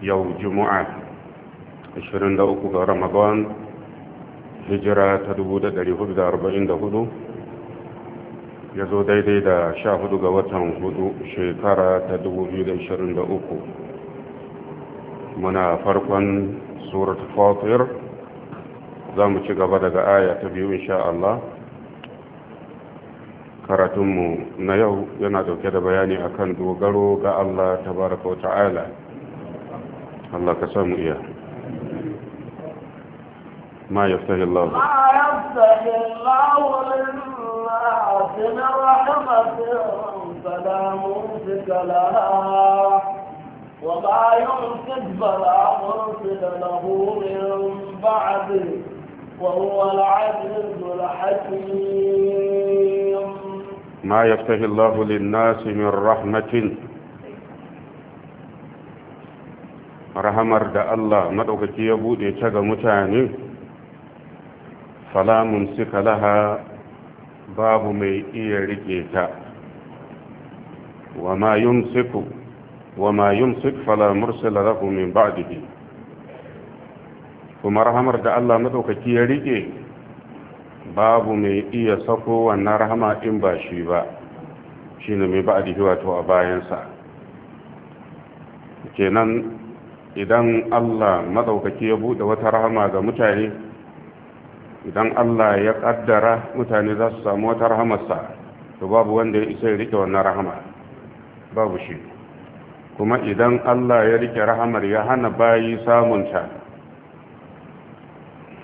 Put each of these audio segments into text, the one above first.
yau juma'a 23 ga ramadan hijira ta 1444 ya zo daidai da 14 ga watan 4 shekara ta 2023 muna farkon surat fatir za mu ci gaba daga aya ta biyu insha Allah karatunmu na yau yana dauke da bayani akan dogaro ga Allah baraka wa ta'ala الله كسام إياه ما يفتح الله ما يفتح الله للناس من رحمة فلا موسك لها وما يمسك فلا مرسل له من بعده وهو العزيز الحكيم ما يفتح الله للناس من رحمة rahamar da Allah maɗaukaki ya buɗe ta ga mutane salamun suka laha babu mai iya riƙe ta wa ma yumsiku wa ma yumsik fala mursila lahu min kuma rahamar da Allah maɗaukaki ya riƙe babu mai iya sako wannan rahama in ba shi ba shi ne mai ba'dihi wato a bayansa kenan idan Allah madaukaki ya bude wata rahama ga mutane idan Allah ya kaddara mutane za su samu wata rahamarsa to babu wanda ya isa ya rike wannan rahama babu shi kuma idan Allah ya rike rahamar ya hana bayi samunta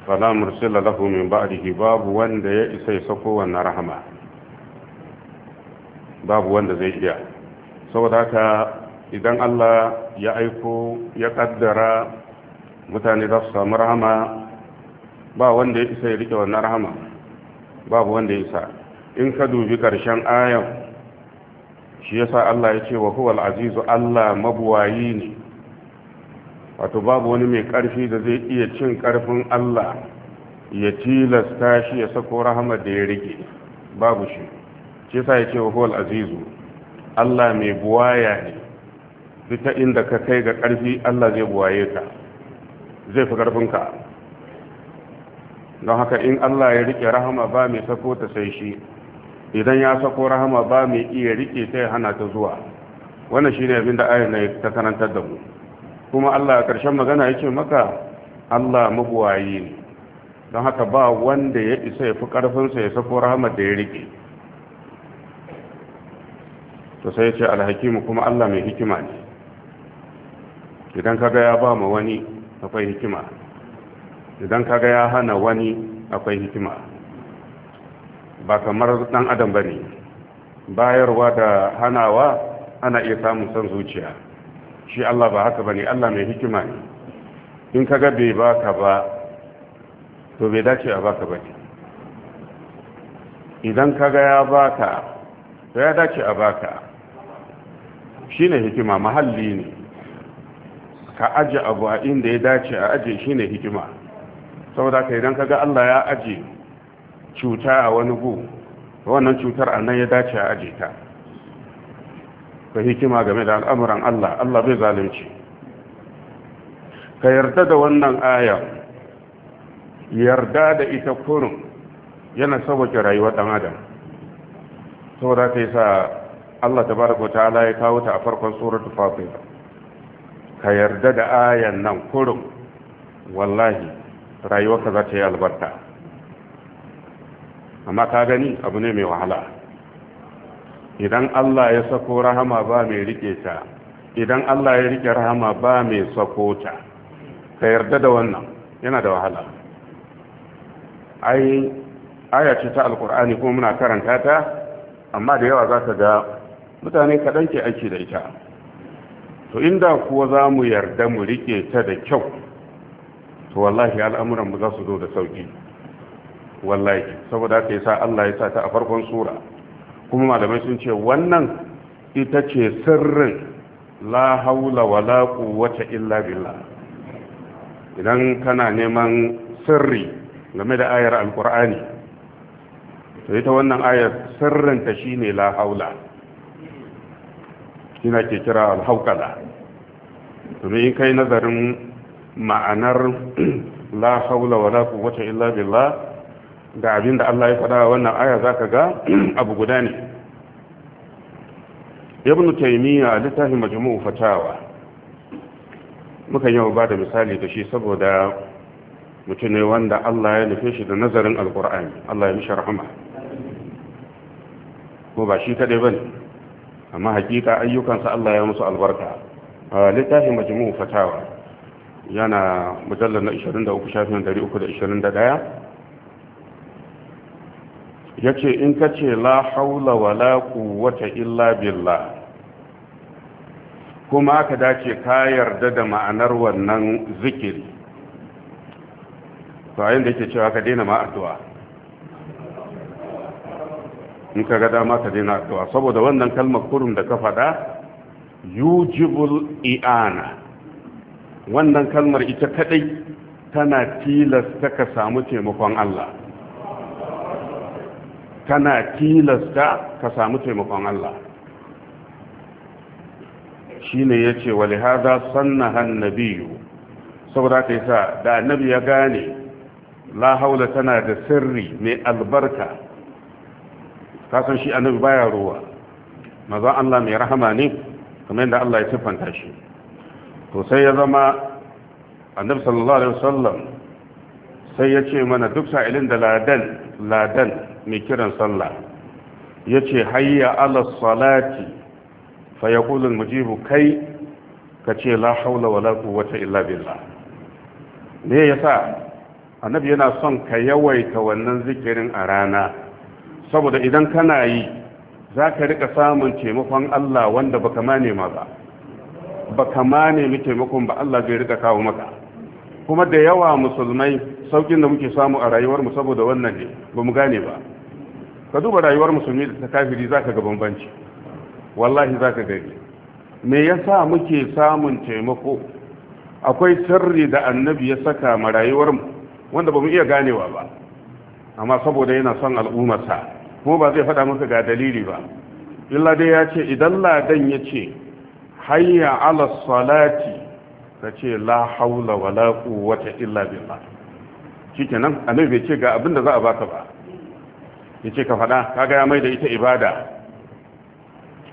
fala mursila lahu min ba'dihi babu wanda ya isa ya sako wannan rahama babu wanda zai iya saboda haka idan Allah ya aiko ya kaddara mutane za su samu rahama ba wanda ya isa ya rike wannan rahama babu wanda ya isa in ka dubi ƙarshen ayan shi yasa Allah ya ce wa huwal azizu Allah mabuwayi ne wato babu wani mai ƙarfi da zai iya cin ƙarfin Allah ya tilasta shi ya sako rahama da ya rike babu shi shi yasa ya ce wa huwal azizu Allah mai buwaya ne Fita inda ka kai ga ƙarfi Allah zai buwaye ka zai fi ƙarfinka don haka in Allah ya rike rahama ba mai sako ta sai shi idan ya sako rahama ba mai iya rike ta ya hana ta zuwa wannan shi ne abin da ayar na ta karantar da mu kuma Allah a ƙarshen magana yake maka Allah mabuwaye ne don haka ba wanda ya isa ya fi ƙarfinsa ya sako rahama da ya rike to sai ya ce alhakimu kuma Allah mai hikima ne idan kaga ya ba ma wani akwai hikima idan kaga ya hana wani akwai hikima ba kamar dan adam bane bayarwa da hanawa ana iya samun son zuciya shi Allah ba haka bane Allah mai hikima ne in kaga bai ba ka ba to bai dace a ka ba idan kaga ya baka to ya dace a baka shine hikima mahalli ne ka aje abu a inda ya dace a aje shi ne hikima saboda ka idan kaga Allah ya aje cuta a wani gu wannan cutar a nan ya dace a aje ta ka hikima game da al'amuran Allah Allah bai zalunci ka yarda da wannan aya yarda da ita kurin yana sauƙi rayuwar ɗan adam saboda ka yi sa Allah tabaraka ta'ala ya kawo ta a farkon suratul fatir ka yarda da ayan nan kurum wallahi rayuwarka za ta yi albarka amma ka gani abu ne mai wahala idan Allah ya sako rahama ba mai rike ta idan Allah ya rike rahama ba mai sako ta ka yarda da wannan yana da wahala ai aya ce ta alkur'ani kuma muna karanta ta amma da yawa za ka ga mutane kaɗan ke aiki da ita to inda kuwa za mu yarda mu rike ta da kyau to wallahi al'amuranmu za su zo da sauƙi, wallahi saboda haka yasa Allah ya sa ta a farkon sura kuma malamai sun ce wannan ita ce sirrin la haula wala quwwata illa billah idan kana neman sirri game da ayar alqur'ani to ita wannan ayar sirrin ta shine la haula shine ke kira alhaukala to in kai nazarin ma'anar la haula wala quwwata illa billah da abin da Allah ya faɗa wannan aya zaka ga abu guda ne ibn taymiya littafin majmu'u fatawa muka yi ba da misali da shi saboda mutum ne wanda Allah ya nufe shi da nazarin alqur'ani Allah ya mishi rahama ko ba shi kadai bane amma hakika ayyukansa Allah ya musu albarka littafin majmu fatawa yana mujallar na 23 shafin 321 yace in kace la haula wala quwwata illa billah kuma ka dace ka yarda da ma'anar wannan zikiri to ayin da yake cewa ka daina ma addu'a in ka ga dama ka daina addu'a saboda wannan kalmar kurum da ka faɗa yujibul i'ana wannan kalmar ita kadai tana tilasta ka samu taimakon Allah tana tilasta ka samu taimakon Allah shine yace walihaza sannaha annabiyyu saboda kai sa da annabi ya gane la haula tana da sirri mai albarka kasan shi annabi baya ruwa maza Allah mai rahama ne kamar yadda Allah ya siffanta shi to sai ya zama annabi sallallahu alaihi wasallam sai ya ce mana duk sa'ilin da ladan ladan mai kiran sallah ya ce hayya ala salati fa yaqulu mujibu kai ka ce la haula wala quwwata illa billah me yasa annabi yana son ka yawaita wannan zikirin a rana saboda idan kana yi za ka rika samun taimakon Allah wanda baka ma nema ba baka ma nemi taimakon ba Allah zai rika kawo maka kuma da yawa musulmai saukin da muke samu a rayuwar mu saboda wannan ne ba mu gane ba ka duba rayuwar musulmi da ta kafiri zaka ga bambanci wallahi zaka gani me yasa muke samun taimako akwai sirri da annabi ya saka ma rayuwar mu wanda ba mu iya ganewa ba amma saboda yana son al'ummarsa kuma ba zai faɗa masa ga dalili ba illa dai ya ce idan ladan ya ce hanya ala salati ka ce la haula wa la quwwata illa billah nan annabi bai ce ga abin da za a baka ba yace ka faɗa kaga ya mai da ita ibada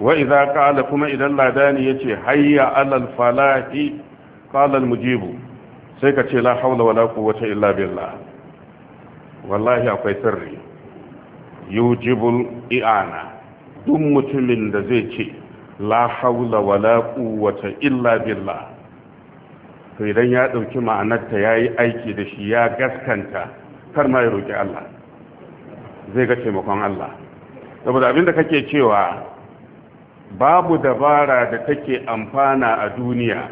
wa idza qala kuma idan ladani yace hayya ala al falahi qala al mujibu sai ka ce la haula wa la quwwata illa billah wallahi akwai sirri yujibul i'ana duk mutumin da zai ce la haula wala quwwata illa billah to idan ya dauki ma'anarta yayi aiki da shi ya gaskanta kar ma ya roki Allah zai ga taimakon Allah saboda abinda kake cewa babu dabara da take amfana a duniya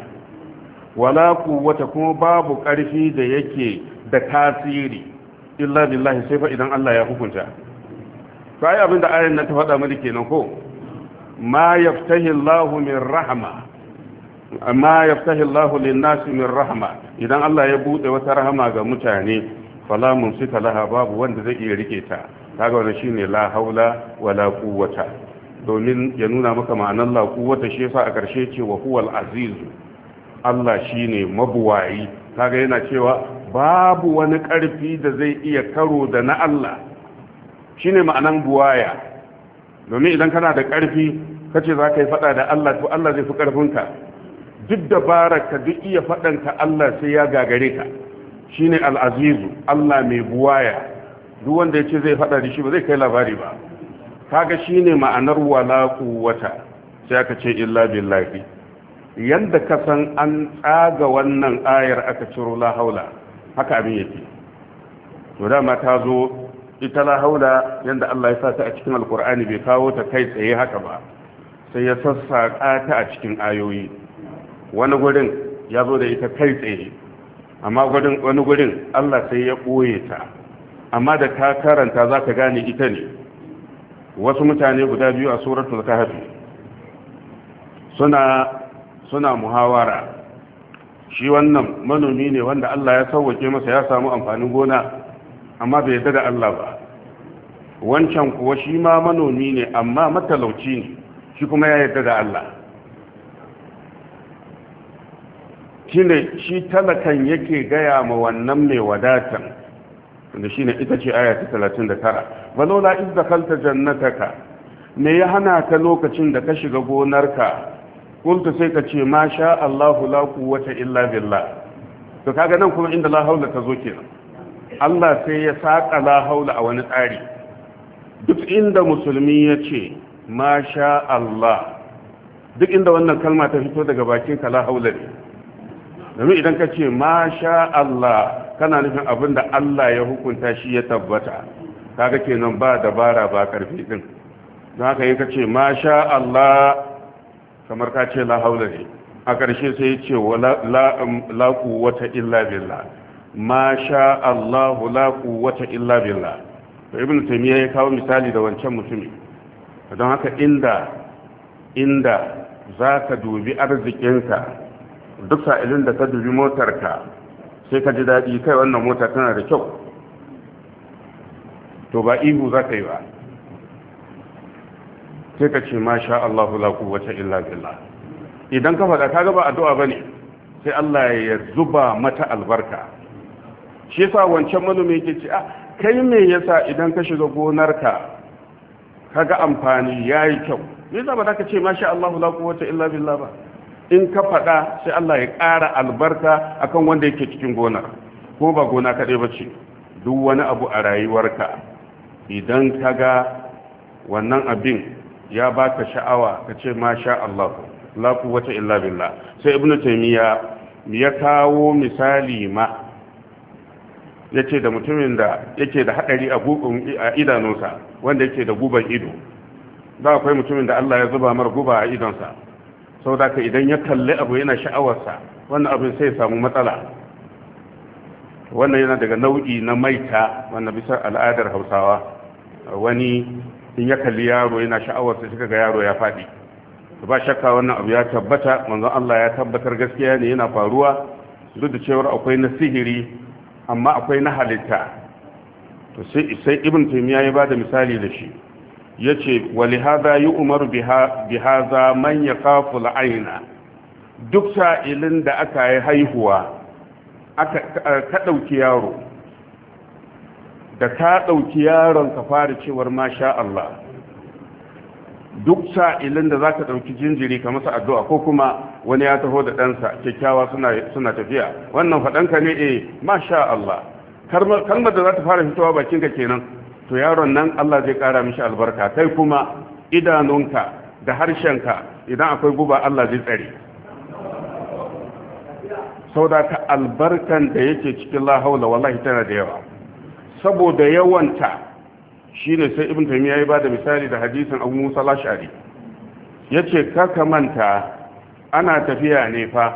wala quwwata kuma babu karfi da yake da tasiri illa billahi sai fa idan Allah ya hukunta to ai abinda ayan nan ta faɗa mana kenan ko ma yaftahi Allahu min rahma yaftahi Allahu lin min rahma idan Allah ya bude wata rahama ga mutane fala mumsika laha babu wanda zai iya rike ta kaga wannan shine la haula wala quwwata domin ya nuna maka ma'anar la quwwata shi yasa a karshe ce wa huwal aziz Allah shine mabuwayi kaga yana cewa babu wani ƙarfi da zai iya karo da na Allah shine ma'anan buwaya domin idan kana da ƙarfi kace za ka yi faɗa da Allah to Allah zai fi ƙarfinka duk dabarar ka duk iya faɗanka Allah sai ya gagare ka shine al'azizu Allah mai buwaya duk wanda ya ce zai faɗa da shi ba zai kai labari ba kaga shine ma'anar wala quwwata sai aka ce illa billahi yanda ka san an tsaga wannan ayar aka ciro la haula haka abin yake to dama ta zo ita la haula yanda Allah ya sa ta a cikin alkur'ani bai kawo ta kai tsaye haka ba sai ya sassaƙa ta a cikin ayoyi wani gurin ya zo da ita kai tsaye amma wani gurin Allah sai ya ɓoye ta amma da ta karanta za ka gane ita ne wasu mutane guda biyu a suratul kahfi suna suna muhawara shi wannan manomi ne wanda Allah ya sauwake masa ya samu amfanin gona amma bai yarda da Allah ba wancan kuwa shi ma manomi ne amma matalauci ne shi kuma ya yarda da Allah shine shi talakan yake gaya ma wannan mai wadatan wanda shine ita ce aya ta 39 walola iz dakalta jannataka me ya hana ka lokacin da ka shiga gonarka kulta sai ka ce masha Allahu la quwwata illa billah to kaga nan kuma inda la haula ta zo kenan Allah sai ya saƙa la haula a wani tsari duk inda musulmi ya ce masha Allah duk inda wannan kalma ta fito daga bakin ka la haula ne domin idan ka ce masha Allah kana nufin abin da Allah ya hukunta shi ya tabbata kaga kenan ba dabara ba karfi din don haka yin ka ce masha Allah kamar ka ce la haula ne a ƙarshe sai ya ce la quwwata illa billah ma sha Allahu la quwwata illa billah to ibn taymiya ya kawo misali da wancan mutumin. don haka inda inda zaka dubi arzikinka duk sa'ilin da ka dubi motarka sai ka ji daɗi kai wannan mota tana da kyau to ba ihu za ka yi ba sai ka ce masha Allahu la quwwata illa billah idan ka faɗa kaga ba addu'a bane sai Allah ya zuba mata albarka shi yasa wancan manomi yake ce ah kai me yasa idan ka shiga gonarka kaga amfani yayi kyau me yasa ba za ka ce masha Allah la quwwata illa billah ba in ka faɗa sai Allah ya ƙara albarka akan wanda yake cikin gonar ko ba gona kaɗai ba ce duk wani abu a rayuwarka idan ka ga wannan abin ya baka sha'awa ka ce masha Allah la quwwata illa billah sai ibnu taymiya ya kawo misali ma ya da mutumin da yake da haɗari a idanunsa wanda yake da guban ido za akwai mutumin da Allah ya zuba mar guba a idonsa sau da ka idan ya kalli abu yana sha'awarsa wannan abin sai samu matsala wannan yana daga nau'i na maita wannan bisa al'adar hausawa wani in ya kalli yaro yana sha'awarsa shi ga yaro ya faɗi ba shakka wannan abu ya tabbata manzon Allah ya tabbatar gaskiya ne yana faruwa duk da cewar akwai na sihiri amma akwai na halitta to sai ibn taymiya ya bada misali da shi yace wali hadha yu'maru biha bihaza man yaqafu al'aina duk sa'ilin da aka yi haihuwa aka ka dauki yaro da ka dauki yaron ka fara cewar masha Allah duk sa'ilin da ka ɗauki jinjiri ka masa addu'a ko kuma wani ya taho da ɗansa kyakkyawa suna tafiya wannan faɗanka ne e masha Allah kalmar da za ta fara fitowa bakinka kenan to yaron nan Allah zai ƙara mishi albarka kai kuma idanunka da harshenka idan akwai guba Allah zai tsare da ka albarkan da yake cikin lahaula wallahi tana da yawa saboda yawanta ne sai ibn taymiya ya da misali da hadisin abu musa lashari yace kaka manta ana tafiya ne fa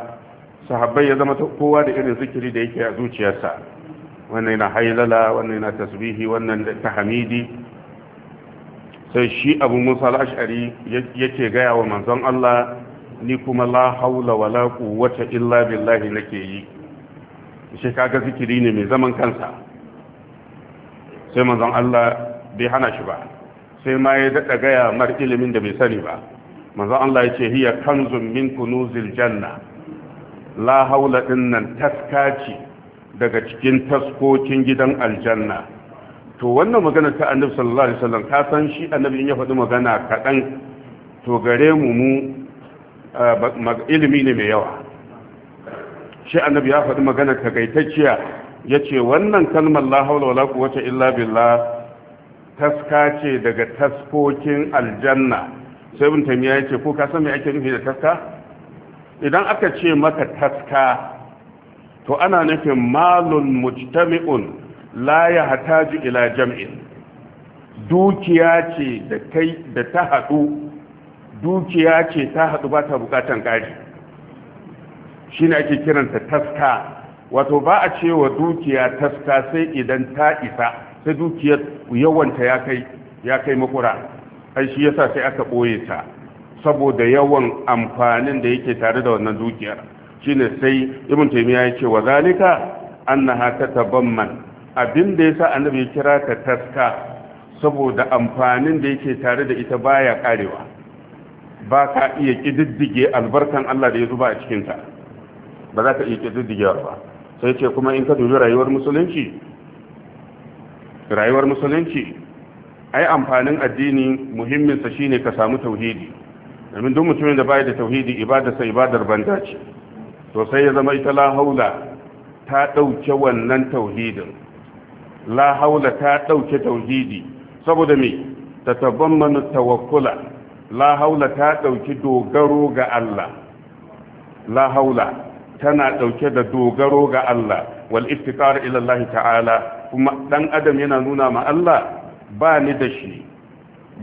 sahabbai ya zama kowa da irin zikiri da yake a zuciyarsa wannan yana hailala wannan yana tasbihi wannan Hamidi. sai shi abu musa lashari yake gaya wa manzon Allah ni kuma la haula wala quwwata illa billahi nake yi shi kaga zikiri ne mai zaman kansa sai manzon Allah bai hana shi ba sai ma ya daɗa gaya mar ilimin da bai sani ba manzo Allah ya ce hiya kanzun min kunuzil janna la haula dinnan taskaci daga cikin taskokin gidan aljanna to wannan magana ta annabi sallallahu alaihi wasallam ka san shi annabi ya faɗi magana kaɗan to gare mu mu ilimi ne mai yawa shi annabi ya faɗi magana tagaitacciya ya ce wannan kalmar la haula wala quwwata illa billah taska ce daga taskokin aljanna sai ibn tamiya yace ko ka san me ake nufi da taska idan aka ce maka taska to ana nufin malun mujtami'un la hataji ila jam'in dukiya ce da kai da ta hadu dukiya ce ta hadu ba ta bukatan ƙari shine ake kiranta taska wato ba a cewa dukiya taska sai idan ta isa ta dukiyar yawanta ya kai makura ai shi yasa sai aka ɓoye ta saboda yawan amfanin da yake tare da wannan dukiyar shine sai ibn taymiya ya ce wa zalika annaha tatabamman abin da yasa annabi ya kira ta taska saboda amfanin da yake tare da ita baya karewa ba ka iya kididdige albarkan Allah da ya zuba a cikinta ba za ka iya kididdige ba sai ce kuma in ka dubi rayuwar musulunci rayuwar musulunci ai amfanin addini muhimminsa shine ka samu tauhidi domin duk mutumin da bai da tauhidi ibadarsa ibadar banda ce to sai ya zama ita la haula ta dauke wannan tauhidin la haula ta dauke tauhidi saboda me ta tabammanu tawakkula la haula ta dauki dogaro ga Allah la haula tana dauke da dogaro ga Allah wal iftikar ila Allah ta'ala kuma dan adam yana nuna ma Allah ba ni da shi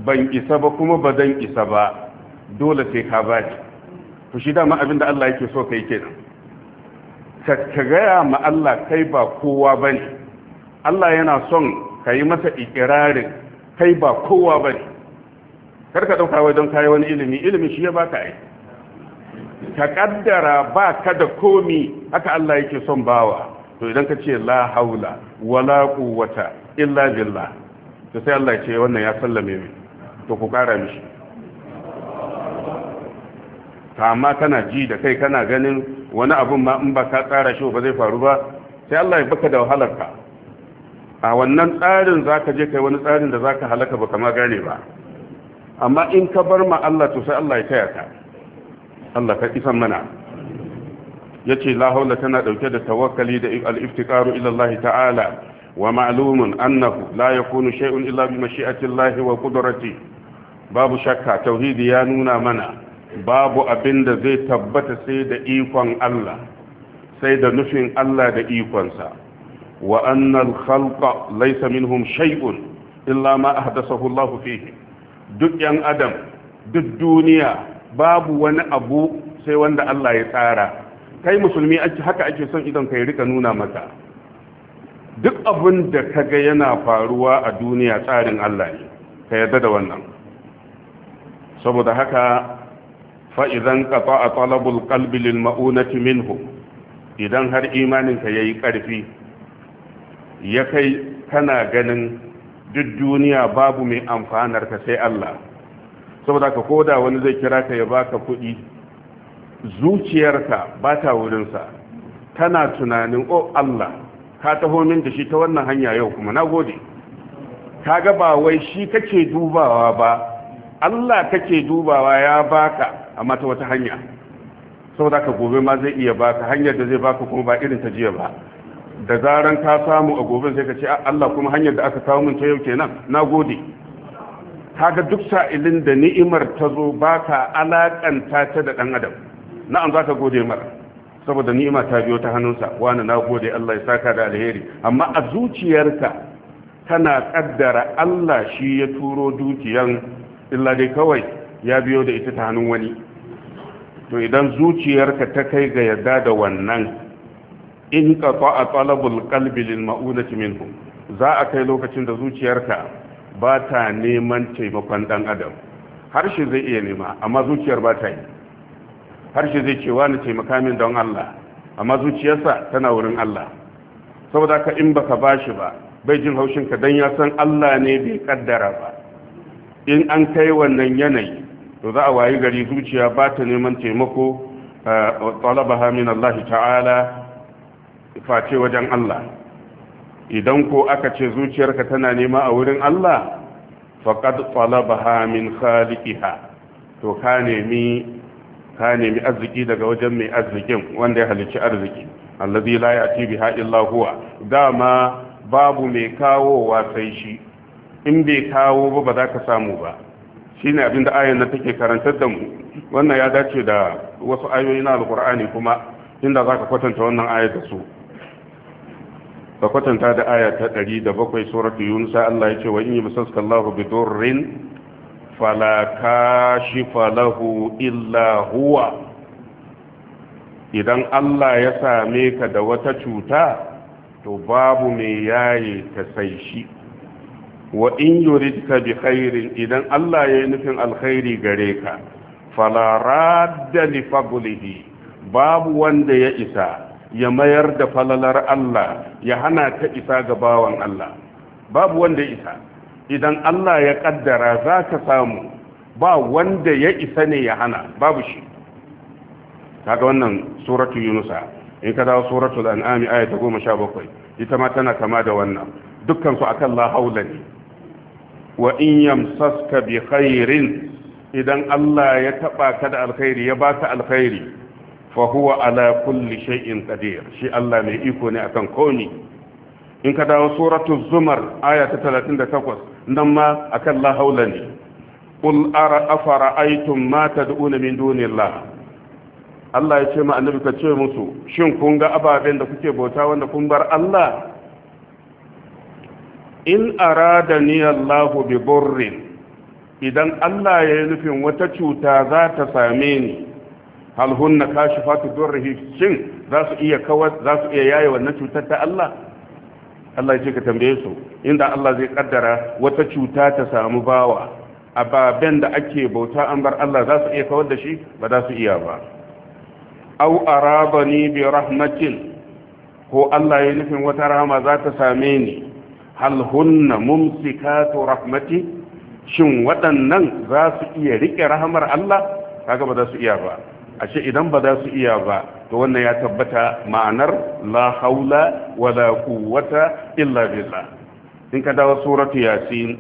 ban isa ba kuma ba zan isa ba dole sai ka ba ni to shi dama abin da Allah yake so yi kenan ka gaya ma Allah kai ba kowa bane Allah yana son ka yi masa ikirarin kai ba kowa bane kar ka dauka wai don kai wani ilimi ilimi shi ya baka ai ka kaddara ba ka da komi haka Allah yake son bawa to idan ka ce la haula wala quwwata illa billah to sai Allah ce wannan ya sallame mu to ku kara mishi ta amma kana ji da kai kana ganin wani abun ma in ba ka tsara shi ba zai faru ba sai Allah ya baka da wahalar ka a wannan tsarin zaka je kai wani tsarin da zaka halaka ba kama gane ba amma in ka bar ma Allah to sai Allah ya taya ka Allah ka isan mana ya la haula tana dauke da tawakkali da aliftikaru iftiqaru ta'ala wa ma'lumun annahu la yakunu shay'un illa bi mashi'ati Allah babu shakka tauhidi ya nuna mana babu abin da zai tabbata sai da ikon Allah sai da nufin Allah da ikonsa wa annal khalqa laysa minhum shay'un illa ma ahdathahu Allah fihi duk yan adam duk duniya babu wani abu sai wanda Allah ya tsara kai musulmi haka ake son idan kai rika nuna maka duk abin da ka ga yana faruwa a duniya tsarin Allah ne ka yarda da wannan saboda haka fa idan a talabul kalbi lil ma'unati minhu idan har imanin ka yayi karfi ya kai kana ganin duk duniya babu mai amfanar ka sai Allah saboda ka koda wani zai kira ka ya baka kuɗi zuciyarka ba ta wurinsa tana tunanin o oh Allah ka taho min da shi ta wannan hanya yau kuma na gode ka ga ba wai shi kake dubawa ba Allah kake dubawa ya baka amma ta wata hanya saboda ka gobe ma zai iya baka hanyar da zai baka kuma ba irin ta jiya ba da zaran ka samu a gobe sai ka ce ah, Allah kuma hanyar da aka kawo min ta yau kenan na gode kaga duk sa'ilin da ni'imar ta zo baka alakanta ta da dan adam na'am za ka gode mara saboda ni'ima ta biyo ta hannunsa wani na gode Allah ya saka da alheri amma a zuciyarka tana kaddara Allah shi ya turo dukiyan illa dai kawai ya biyo da ita ta hannun wani to idan zuciyarka ta kai ga yadda da wannan in ka a talabul qalbi lil ma'unati minhu za a kai lokacin da zuciyarka ba ta neman taimakon dan adam Har shi zai iya nema amma zuciyar ba ta yi harshe zai ce wani taimaka min don Allah amma zuciyarsa tana wurin Allah saboda ka in baka bashi ba bai jin haushin ka dan ya san Allah ne bai kaddara ba in an kai wannan yanayi to za a wayi gari zuciya ba ta neman taimako eh, talabaha min Allah ta'ala face wajen Allah idan ko aka ce zuciyarka tana nema a wurin Allah faqad talabaha min khaliqiha to ka nemi ta nemi arziki daga wajen mai arzikin wanda ya halicci arziki allazi la ya'ti biha illa huwa dama babu mai kawowa sai shi in bai kawo ba ba za ka samu ba shine abinda ayan nan take karantar da mu wannan ya dace da wasu ayoyi na alqur'ani kuma inda za ka kwatanta wannan ayar da su ka kwatanta da aya ta 107 suratul yunus Allah ya ce wa in yumsakallahu bidurrin fala kashifa falahu illa huwa idan Allah ya same ka da wata cuta to babu mai yaye ta sai shi wa in yuridka bi khairin idan Allah ya yi nufin alkhairi gare ka fala radda li fadlihi babu wanda ya isa ya mayar da falalar Allah ya hana ta isa ga bawan Allah babu wanda ya isa idan Allah ya kaddara za ka samu ba wanda ya isa ne ya hana babu shi kaga wannan suratu yunusa in ka dawo suratul an'ami goma ta bakwai. ita ma tana kama da wannan dukkan su akan la haula ne wa in yamsaska bi khairin idan Allah ya taba ka da alkhairi ya baka alkhairi fa huwa ala kulli shay'in qadir shi Allah mai iko ne akan komi. in ka dawo suratul zumar aya ta 38 nan ma akan la haula ne qul ara afara'aytum ma tad'una min dunillah Allah ya ce ma annabi ka ce musu shin kun ga ababen da kuke bauta wanda kun bar Allah in arada ni Allahu bi burrin idan Allah ya yi nufin wata cuta za ta same ni hal hunna kashifatu durrihi shin za su iya kawar za su iya yaye wannan cutar ta Allah Allah ya ce ka tambaye su inda Allah zai kaddara wata cuta ta samu bawa ababen da ake bauta an bar Allah za su iya kawar da shi ba za su iya ba au arabani bi rahmatin ko Allah ya nufin wata rahama za ta same ni hal hunna mumsikatu rahmati shin waɗannan za su iya rike rahamar Allah kaga ba za su iya ba ashe idan ba za su iya ba to wannan ya tabbata ma'anar la haula wala quwwata illa billah in ka dawo suratu yasin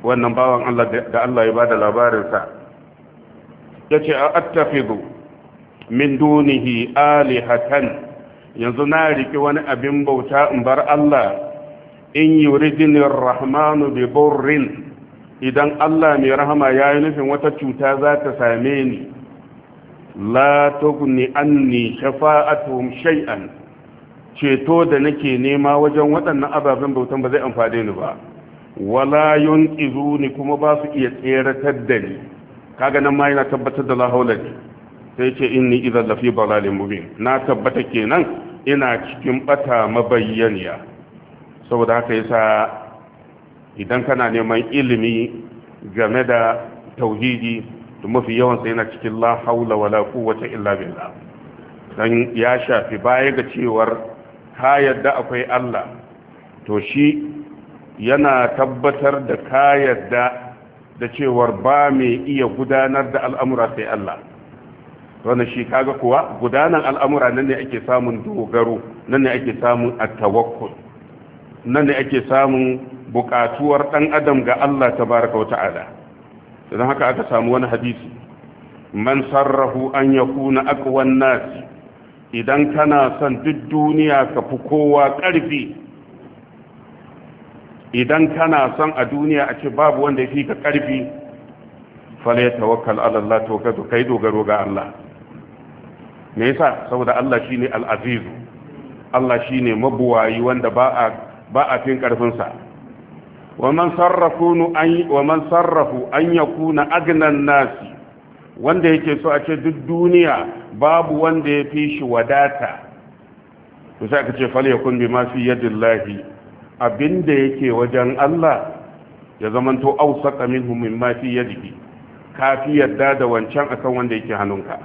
wannan bawan Allah da Allah ya bada labarin sa yace a attakhidhu min dunihi alihatan yanzu na riki wani abin bauta in bar Allah in yuridini rahmanu bi burrin idan Allah mai rahama ya yi nufin wata cuta za ta same ni la tugni anni shafa'atuhum shay'an ceto da nake nema wajen waɗannan ababen bautan ba zai amfane ni ba wala yunqizuni kuma ba su iya tseratar da ni kaga nan ma yana tabbatar da la haula ne sai ce inni idan lafi balalin mubin na tabbata kenan ina cikin bata mabayyaniya saboda haka yasa idan kana neman ilimi game da tauhidi duk mafi yawan sai yana cikin la haula wala quwwata illa billah dan ya shafi baya ga cewar ka yadda akwai Allah to shi yana tabbatar da ka yadda da cewar ba mai iya gudanar da al'amura sai Allah wannan shi kaga kuwa gudanar al'amura nan ne ake samun dogaro nan ne ake samun attawakkul nan ne ake samun bukatuwar dan adam ga Allah tabaraka wa ta'ala idan haka aka samu wani hadisi man sarrahu an yakuna aqwan nas idan kana son duk duniya ka fi kowa ƙarfi idan kana son a duniya a ce babu wanda ya fi ka ƙarfi fale tawakkal ala Allah tawakkatu kai dogaro ga Allah me yasa saboda Allah shi ne al'azizu, Allah shine mabuwayi wanda ba a fin ƙarfinsa ومن صرفوا أن ومن صرفوا أن يكون أغنى الناس wanda yake so a ce duk duniya babu wanda ya fi shi wadata to sai aka ce fal yakun bi ma fi abinda yake wajen Allah ya zamanto ausaka minhu mimma fi yadihi ka fi yadda da wancan akan wanda yake hannunka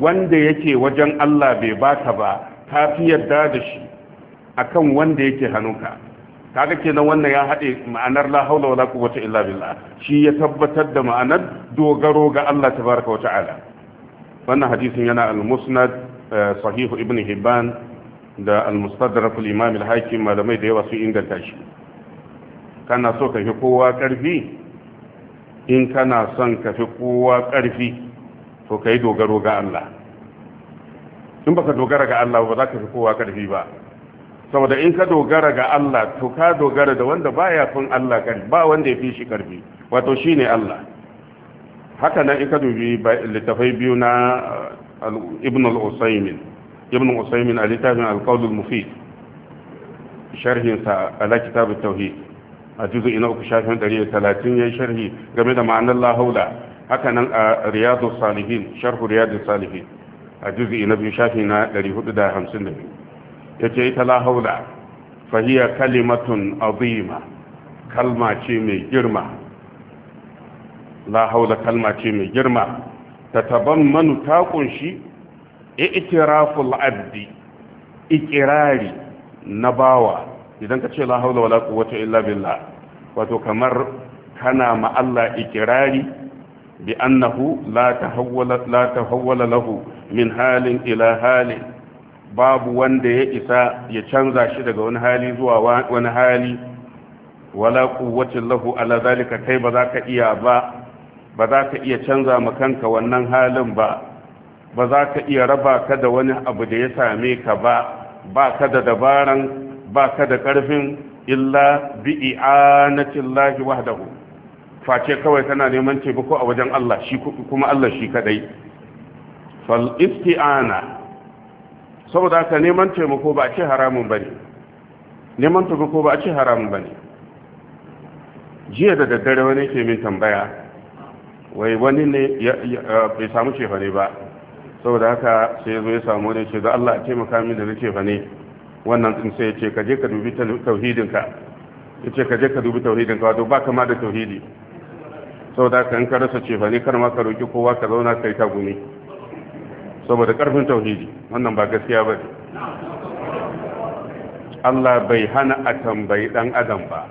wanda yake wajen Allah bai baka ba ka fi yadda da shi akan wanda yake hannunka kaga kenan wannan ya haɗe ma'anar la haula wala quwwata illa billah shi ya tabbatar da ma'anar dogaro ga Allah tabaraka wa ta'ala wannan hadisin yana al-musnad eh, sahih ibn hibban da al-mustadrak al-imam al-hakim malamai da yawa sun inganta shi kana so ka fi kowa karfi in kana son ka fi kowa karfi to kai dogaro ga Allah in baka dogara ga Allah ba za ka fi kowa karfi ba saboda in ka dogara ga Allah to ka dogara da wanda baya fin Allah kan ba wanda ya fi shi karfi wato shine Allah haka nan in ka dubi littafai biyu na uh, ibn al-usaymin ibn al-usaymin a littafin al-qawl al-mufid sharhin sa ala kitab at-tauhid a juzu ina uku shafin 130 yayin sharhi game da ma'anar la haula haka nan a riyadus salihin sharhu riyadus salihin a juzu ina biyu shafi na 452 Ya ce ita la haula kalimatun azima kalma ce mai girma la haula kalma ce mai girma ta taban manu ta ƙunshi itiraful abdi ikirari na bawa idan ka ce la haula wala wata illa billah wato kamar kana ma Allah ikirari bi annahu la ta hawwala lahu min halin ila halin babu wanda ya isa ya canza shi daga wani hali zuwa wani hali wala quwwatin lahu ala zalika kai ba za ka iya ba ba za ka iya canza ma kanka wannan halin ba ba za ka iya raba ka da wani abu da ya same ka ba ba ka da dabaran ba ka da karfin illa bi i'anatin lahi wahdahu face kawai kana neman ko a wajen Allah shi kuma Allah shi kadai fal isti'ana saboda haka neman taimako ba a ce haramun ba ne. neman taimako ba a ce haramun ba ne. jiya da daddare wani ke min tambaya wai wani ne bai samu shefa ne ba saboda haka sai zo ya samu wani ce za, Allah taimaka min da na cefa ne wannan sun sai ce ka je ka dubi tauhidinka ya ce ka je ka dubi tauhidinka wato ba kama da tauhidi saboda haka in ka rasa shefa ne kar ma ka roki kowa ka zauna kai ta gumi saboda ƙarfin tauhidi wannan ba gaskiya ba ne Allah bai hana a tambayi ɗan adam ba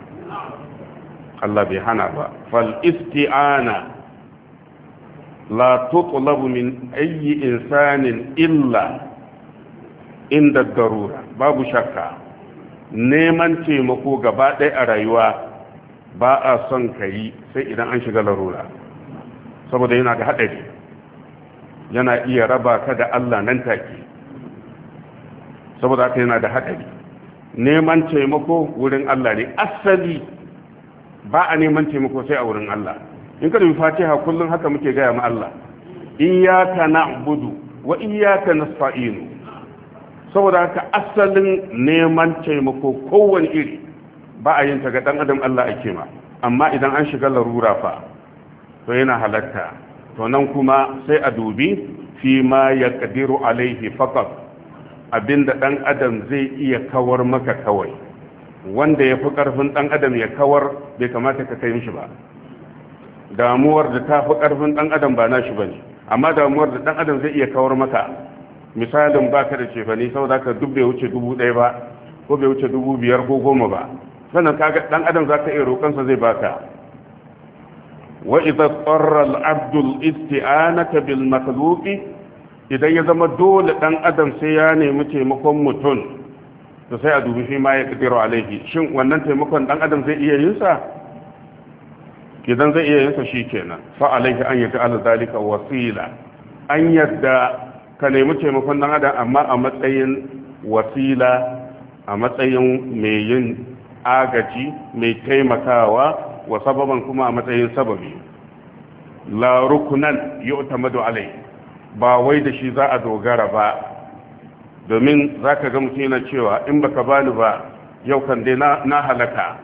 Allah bai hana ba fal isti'ana la tutlabu min ayyi insanin illa inda darura babu shakka neman taimako gaba ɗaya a rayuwa ba a son ka yi sai idan an shiga larura saboda yana da haɗari yana iya raba ka da Allah nan take saboda haka yana da haɗari neman taimako wurin Allah ne asali ba a neman taimako sai a wurin Allah in ka dubi fatiha kullum haka muke gaya ma Allah iyyaka na'budu wa iyyaka nasta'in saboda haka asalin neman taimako kowane iri ba a yin ta ga dan adam Allah ake ma amma idan an shiga larura fa to yana halatta to nan kuma sai a dubi fi ma ya kadiru alaihi faqat abinda dan adam zai iya kawar maka kawai wanda ya fi karfin dan adam ya kawar bai kamata ka kai mishi ba damuwar da ta fi karfin dan adam ba nashi bane amma damuwar da dan adam zai iya kawar maka misalin baka da cefane saboda ka duk bai wuce dubu ɗaya ba ko bai wuce dubu biyar ko goma ba sannan kaga dan adam zaka iya roƙonsa zai baka wa idza qarra al-abdu al-isti'anata bil makhluqi idan ya zama dole dan adam sai ya nemi taimakon mutum to sai a dubi shi ma ya kadiru alaihi shin wannan taimakon dan adam zai iya yin idan zai iya yinsa shi kenan fa alaihi an yaj'al zalika wasila an yarda ka nemi taimakon dan adam amma a matsayin wasila a matsayin mai yin agaji mai taimakawa wa sababan kuma a matsayin sababi la rukunan utamadu alai ba wai da shi za a dogara ba domin za ka ga mutum yana cewa in baka bani ba yau kan dai na halaka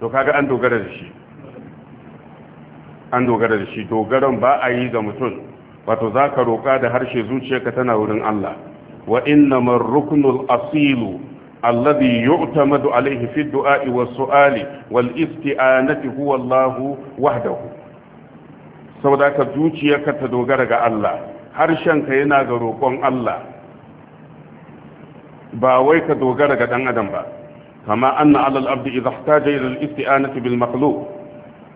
to kaga an dogara da shi an dogara da shi dogaran ba a yi ga mutum wato za ka roƙa da harshe zuciyarka tana wurin Allah wa innamal ruknul asilu الذي يعتمد عليه في الدعاء والسؤال والاستعانة هو الله وحده saboda ka zuciyarka ta dogara ga Allah harshenka yana ga roƙon Allah ba wai ka dogara ga dan adam ba kama anna alal abdi idza ihtaja ila al-isti'anati bil makhluq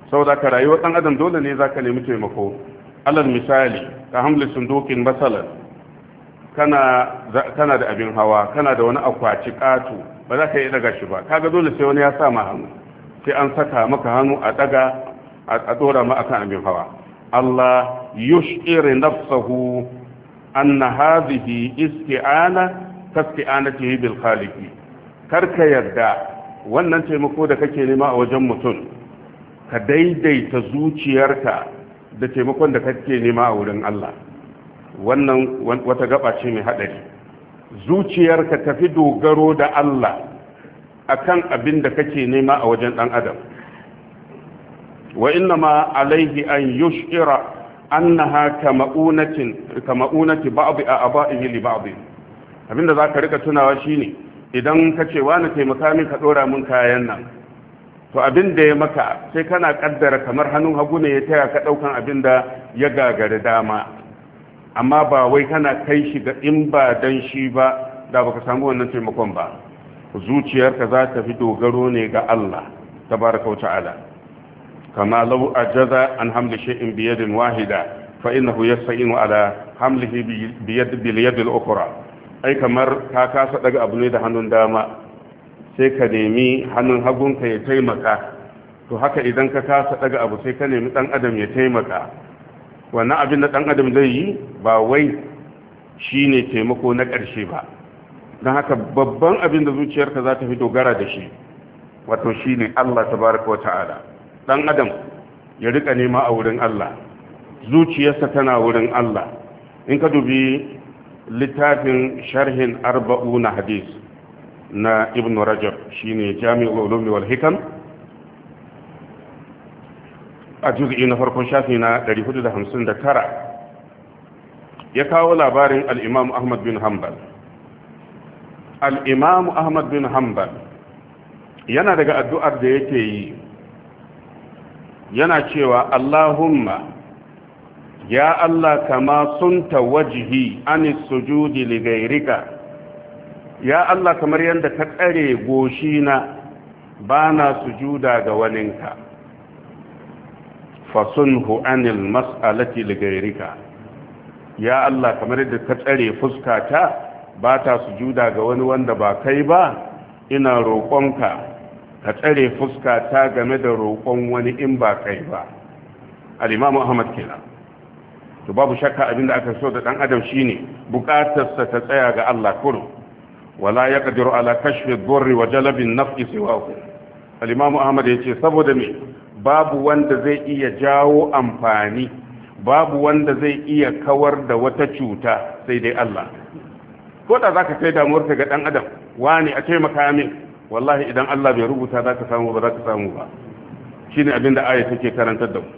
saboda ka rayuwar ɗan adam dole ne zaka nemi taimako alal misali ka hamli sundukin matsalar. kana da abin hawa kana da wani akwaci ƙato ba za ka yi daga shi ba kaga dole sai wani ya sa ma hannu sai an saka maka hannu a daga a dora ma akan abin hawa Allah yushiri nafsahu anna hadhihi isti'ana tasti'anati bil khaliqi karka yarda wannan taimako da kake nema a wajen mutum ka daidaita zuciyarka da taimakon da kake nema a wurin Allah wannan wata gaba ce mai haɗari zuciyarka tafi dogaro da Allah akan abin da kake nema a wajen ɗan adam wa inna ma alaihi an yushira annaha kama'unatin kama'unati ba'd a'ba'ihi li abin da zaka rika tunawa shine idan kace wani taimaka min ka dora min kayan nan to abin da ya maka sai kana kaddara kamar hannun hagu ne ya taya ka daukan abin da ya gagari dama amma ba wai kana kai shi ga in ba dan shi ba da baka samu wannan taimakon ba zuciyarka za ta fi dogaro ne ga Allah tabaraka wa ta'ala kama law ajaza an hamli shay'in bi yadin wahida fa innahu yasta'inu ala hamlihi bi yad bil yad al ukhra ai kamar ka kasa daga abu ne da hannun dama sai ka nemi hannun hagunka ya taimaka to haka idan ka kasa daga abu sai ka nemi dan adam ya taimaka wannan abin da ɗan adam zai yi ba wai shi ne taimako na ƙarshe ba don haka babban abin da zuciyarka za ta fi dogara da shi wato shi ne allah tabaraka wata'ala ɗan adam ya rika nema a wurin allah zuciyarsa tana wurin allah in ka dubi littafin sharhin arba'u na hadis na ibn rajab shine jami'ul ulumi wal hikam a juzi'i na farkon shafi na 459 ya kawo labarin alimam ahmad bin hanbal al'imamu ahmad bin hanbal yana daga addu'ar da yake yi yana cewa allahumma ya allah kama sunta wajihi anis sujudi ligairika ya allah kamar yadda ka tsare goshina ba na sujuda ga waninka fasunhu anil mas'alati ligairika ya Allah kamar da ka tsare fuskata ba ta sujuda ga wani wanda ba kai ba ina roƙonka ka tsare fuskata game da roƙon wani in ba kai ba al-imam Muhammad kila to babu shakka abinda aka so da dan adam shine sa ta tsaya ga Allah kullu wala ya ƙadiru ala kashfe burri wa jalabin nafi siwahu al-imam ya ce saboda me babu wanda zai iya jawo amfani babu wanda zai iya kawar da wata cuta sai dai Allah ko da zaka kai damuwar ka ga dan adam wani a taimaka min wallahi idan Allah bai rubuta zaka samu ba zaka samu ba shine abinda da aya take karantar da mu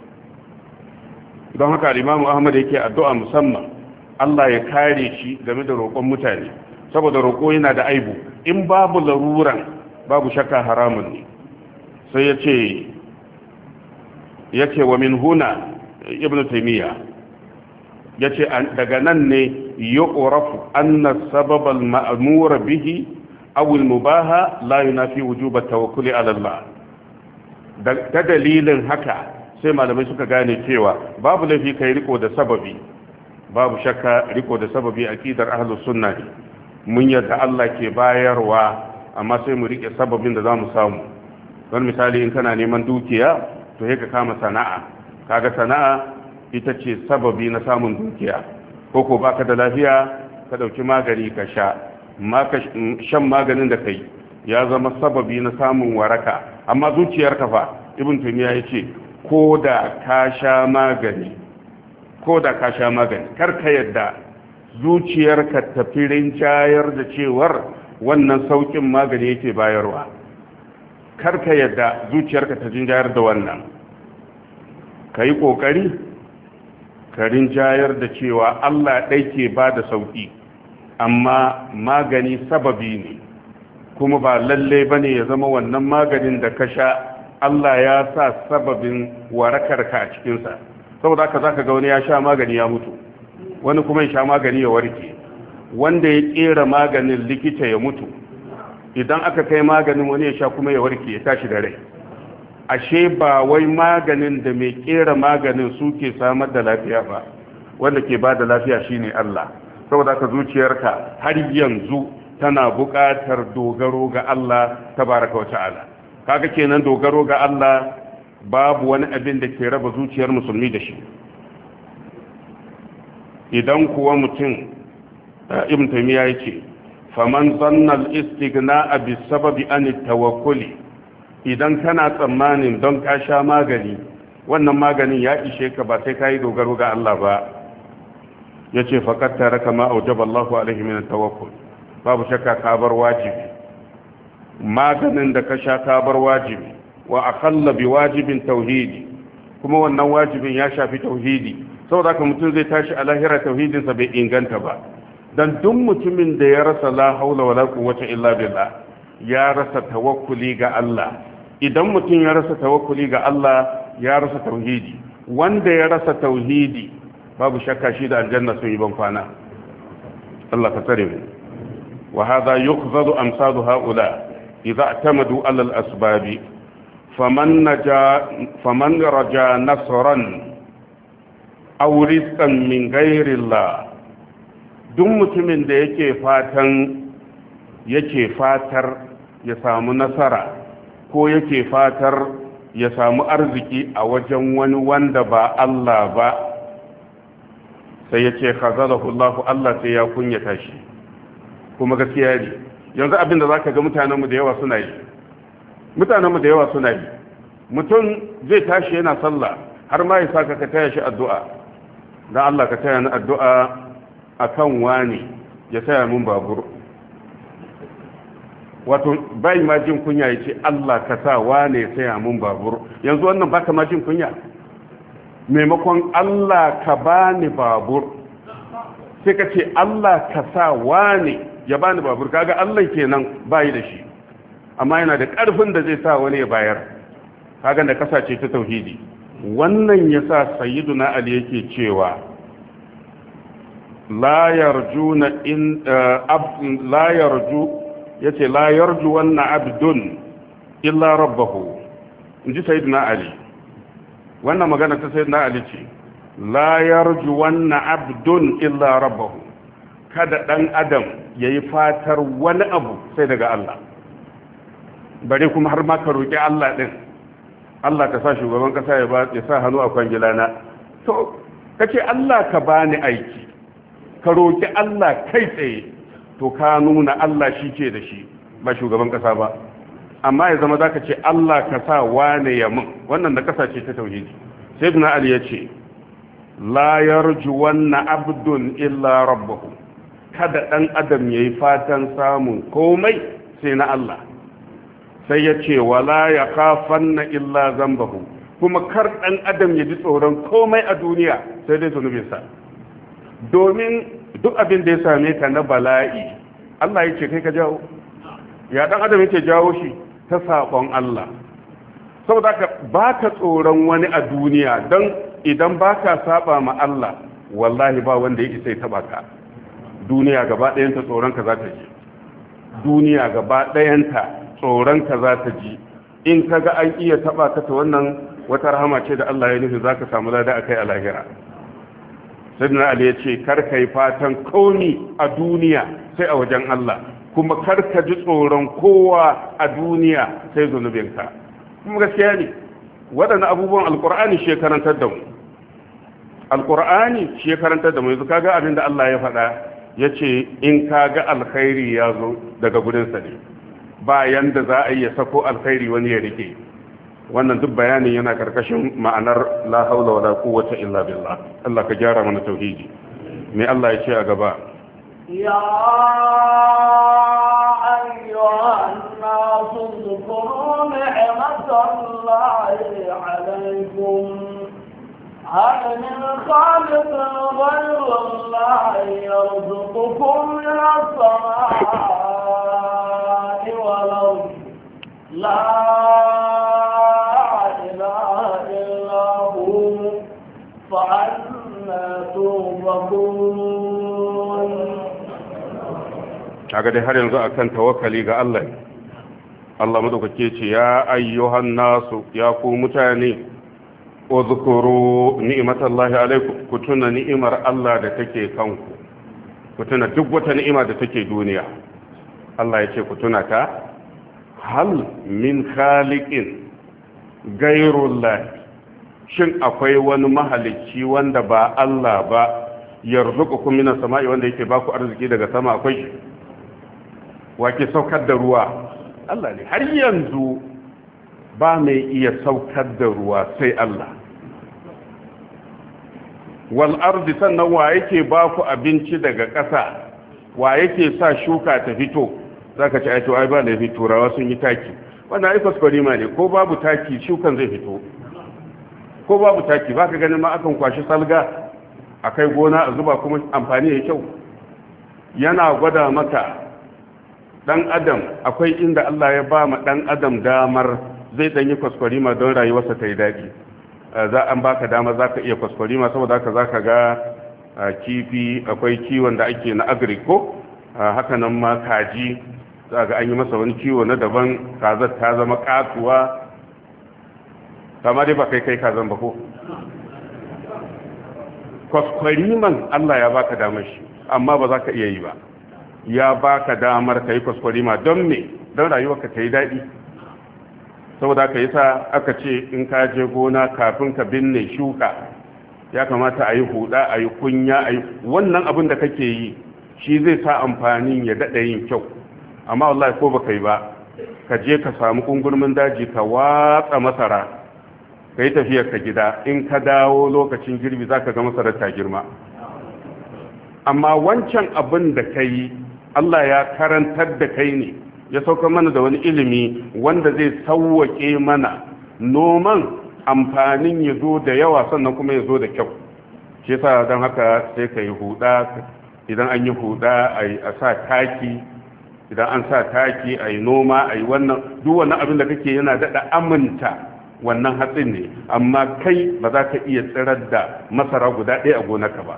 don haka al-Imam Ahmad yake addu'a musamman Allah ya kare shi game da roƙon mutane saboda roƙo yana da aibu in babu laruran babu shakka haramun ne sai ya ce yace wa min huna ibn taymiya yace daga nan ne yuqrafu anna sabab al ma'mur bihi aw al mubaha la yunafi wujub at tawakkul ala Allah da dalilin haka sai malamai suka gane cewa babu laifi kai riko da sababi babu shakka riko da sababi akidar ahlus sunna ne mun yadda Allah ke bayarwa amma sai mu rike sababin da zamu samu don misali in kana neman dukiya to ya ka kama sana'a kaga sana'a ita ce sababi na samun dukiya ko ko baka da lafiya ka dauki magani ka sha mm, shan maganin da kai ya zama sababi na samun waraka amma zuciyar ka fa ibn tumiya yace ko da ka sha magani ko da ka sha magani kar ka yadda zuciyarka ta firin cayar da cewar wannan saukin magani yake bayarwa karka yadda zuciyarka ta jinjayar da wannan ka yi ƙoƙari ka rinjayar da cewa allah ɗai ke ba da sauƙi amma magani sababi ne kuma ba lalle ba ne ya zama wannan maganin da ka sha allah ya sa sababin warakarka a cikinsa saboda haka za ka ga wani ya sha magani ya mutu wani kuma ya sha magani ya warke wanda ya ƙera maganin likita ya mutu idan aka kai maganin wani ya sha kuma ya warke ya tashi da rai ashe ba wai maganin da mai kera maganin suke samar da lafiya ba wanda ke ba da lafiya shine Allah saboda ka zuciyarka har yanzu tana buƙatar dogaro ga Allah tabaraka wa ta'ala kaga kenan dogaro ga Allah babu wani abin da ke raba zuciyar musulmi da shi idan kuwa mutum eh, ibn taymiya yake faman zanna istigna a bi sababi an tawakkuli idan kana tsammanin don ka sha magani wannan maganin ya ishe ka ba sai yi dogaro ga Allah ba yace faqad taraka ma awjaba Allahu alaihi min tawakkul babu shakka ka bar wajibi maganin da ka sha ka bar wajibi wa akalla bi wajibin tauhidi kuma wannan wajibin ya shafi tauhidi saboda haka mutum zai tashi a lahira tauhidinsa bai inganta ba dan duk mutumin da ya rasa la haula wala quwwata illa billah ya rasa tawakkuli ga Allah idan mutum ya rasa tawakkuli ga Allah ya rasa tauhidi wanda ya rasa tauhidi babu shakka shi da aljanna sun yi ban kwana Allah ka tsare mu wa hadha yukhzadu amsadu haula idza atamadu ala al-asbabi faman naja faman raja nasran aw rizqan min ghayri Allah duk mutumin da yake fatan yake fatar ya samu nasara ko yake fatar ya samu arziki a wajen wani wanda ba Allah ba sai yace khazalahu Allah Allah sai ya kunyata shi kuma gaskiya ne yanzu abin da zaka ga mutanenmu da yawa suna yi mutanenmu da yawa suna yi mutum zai tashi yana sallah har ma ya saka ka taya shi addu'a dan Allah ka taya ni addu'a akan wane ya saya mun babur wato bai ma jin kunya ya ce Allah ka sa wane ya saya mun babur yanzu wannan baka ma jin kunya maimakon Allah ka bani babur sai ka ce Allah ka sa wane ya bani babur kaga Allah kenan bayi da shi amma yana da karfin da zai sa wani ya bayar kaga da kasace ce ta tauhidi wannan yasa sayyiduna ali yake cewa la yarjuna in eh, la yarju yace la yarju wanna abdun illa rabbahu inji sayyidina ali wannan magana ta na ali ce la yarju wanna abdun illa rabbahu kada ɗan adam ya yi fatar wani abu sai daga Allah bari kuma har ma ka roki Allah ɗin. Allah ka sa shugaban kasa ya ba ya sa hannu a kwangila na. to kace Allah ka bani aiki ka roƙi Allah kai tsaye to ka nuna Allah shi ce da shi ba shugaban ƙasa ba amma ya zama ka ce Allah ka sa wane ya mun wannan da kasa ce ta tauhidi sai ibn ali ya ce la wanna abdun illa rabbuhu kada dan adam yayi fatan samun komai sai na Allah sai ya ce wala ya kafanna illa zambahu kuma kar dan adam ya ji tsoron komai a duniya sai dai zunubinsa domin duk abin da ya same ka na bala'i Allah ya ce kai ka jawo ya dan adam yake jawo shi ta sakon Allah saboda ka ba tsoron wani a duniya dan idan baka saba ma Allah wallahi ba wanda ya isa ya taba ka duniya gaba ɗayanta tsoron ka za ta ji duniya gaba ɗayanta tsoron ka za ta ji in ka ga an iya taba ka ta wannan wata rahama ce da Allah ya nufi zaka samu lada akai a lahira sayyidina ali ya ce kar yi fatan kauni a duniya sai a wajen Allah kuma kar ka ji tsoron kowa a duniya sai zunubinka kuma gaskiya ne waɗannan abubuwan Alƙur'ani shi karantar da mu alkur'ani shi karantar da mu yanzu kaga abin da Allah ya faɗa ya ce in kaga alkhairi ya zo daga gudunsa ne bayan da za a yi ya sako alkhairi wani ya rike wannan duk bayanin yana karkashin ma'anar la haula wala quwwata illa billah Allah ka gyara mana tauhidi me Allah ya ce a gaba ya هل من خالق غير الله يرزقكم من السماء والأرض لا A kaga dai har yanzu akan tawakali ga Allah Allah madaukake ce ya ayyuhan nasu ya ku mutane uzkuru ni'matallahi alaikum ku tuna ni'imar Allah da take kanku ku tuna duk wata ni'ima da take duniya Allah ya ce ku tuna ta hal min khaliqin ghayrullahi shin akwai wani mahalicci wanda ba Allah ba kuma na sama'i wanda yake baku arziki daga sama akwai shi wake saukar da ruwa Allah ne har yanzu ba mai iya saukar da ruwa sai Allah wal ardi sannan wa yake baku abinci daga ƙasa wa yake sa shuka ta fito zaka ci ai to ai ba da fitorawa sun yi taki wannan ai kwaskwari ma ne ko babu taki shukan zai fito ko babu taki ba ka ganin ma akan kwashi salga a kai gona a zuba kuma amfani ya kyau yana gwada maka dan adam akwai inda Allah ya ba ma dan adam damar zai dan yi kwaskwarima don rayuwarsa ta yi daɗi za an baka dama za ka iya kwaskwarima saboda haka za ka ga kifi akwai kiwon da ake na agriko haka nan ma kaji za ga an yi masa wani kiwo na daban kazar ta zama katuwa kama dai ba kai kai kazan ba ko kwaskwariman Allah ya baka damar shi amma ba za ka iya yi ba ya baka damar ka yi kwaskwarima don me don ka ta yi daɗi saboda ka yi sa aka ce in ka je gona kafin ka binne shuka ya kamata a yi huda a yi kunya a yi wannan abin da kake yi shi zai sa amfanin ya daɗa yin kyau amma wallahi ko ba ka yi ba ka je ka samu kungurmin daji ka watsa masara ka yi tafiyar ka gida in ka dawo lokacin girbi za ka ga masarar ta girma amma wancan abin da ka yi allah ya karantar da kai ne ya sauka mana da wani ilimi wanda zai sauwaƙe mana noman amfanin ya zo da yawa sannan kuma ya zo da kyau shi sa don haka sai ka yi huda idan an yi huda a sa taki idan an sa taki a yi noma a yi wannan duk wani abin da kake yana daɗa aminta wannan hatsin ne amma kai ba za ka iya tsirar da masara guda ɗaya a gonarka ba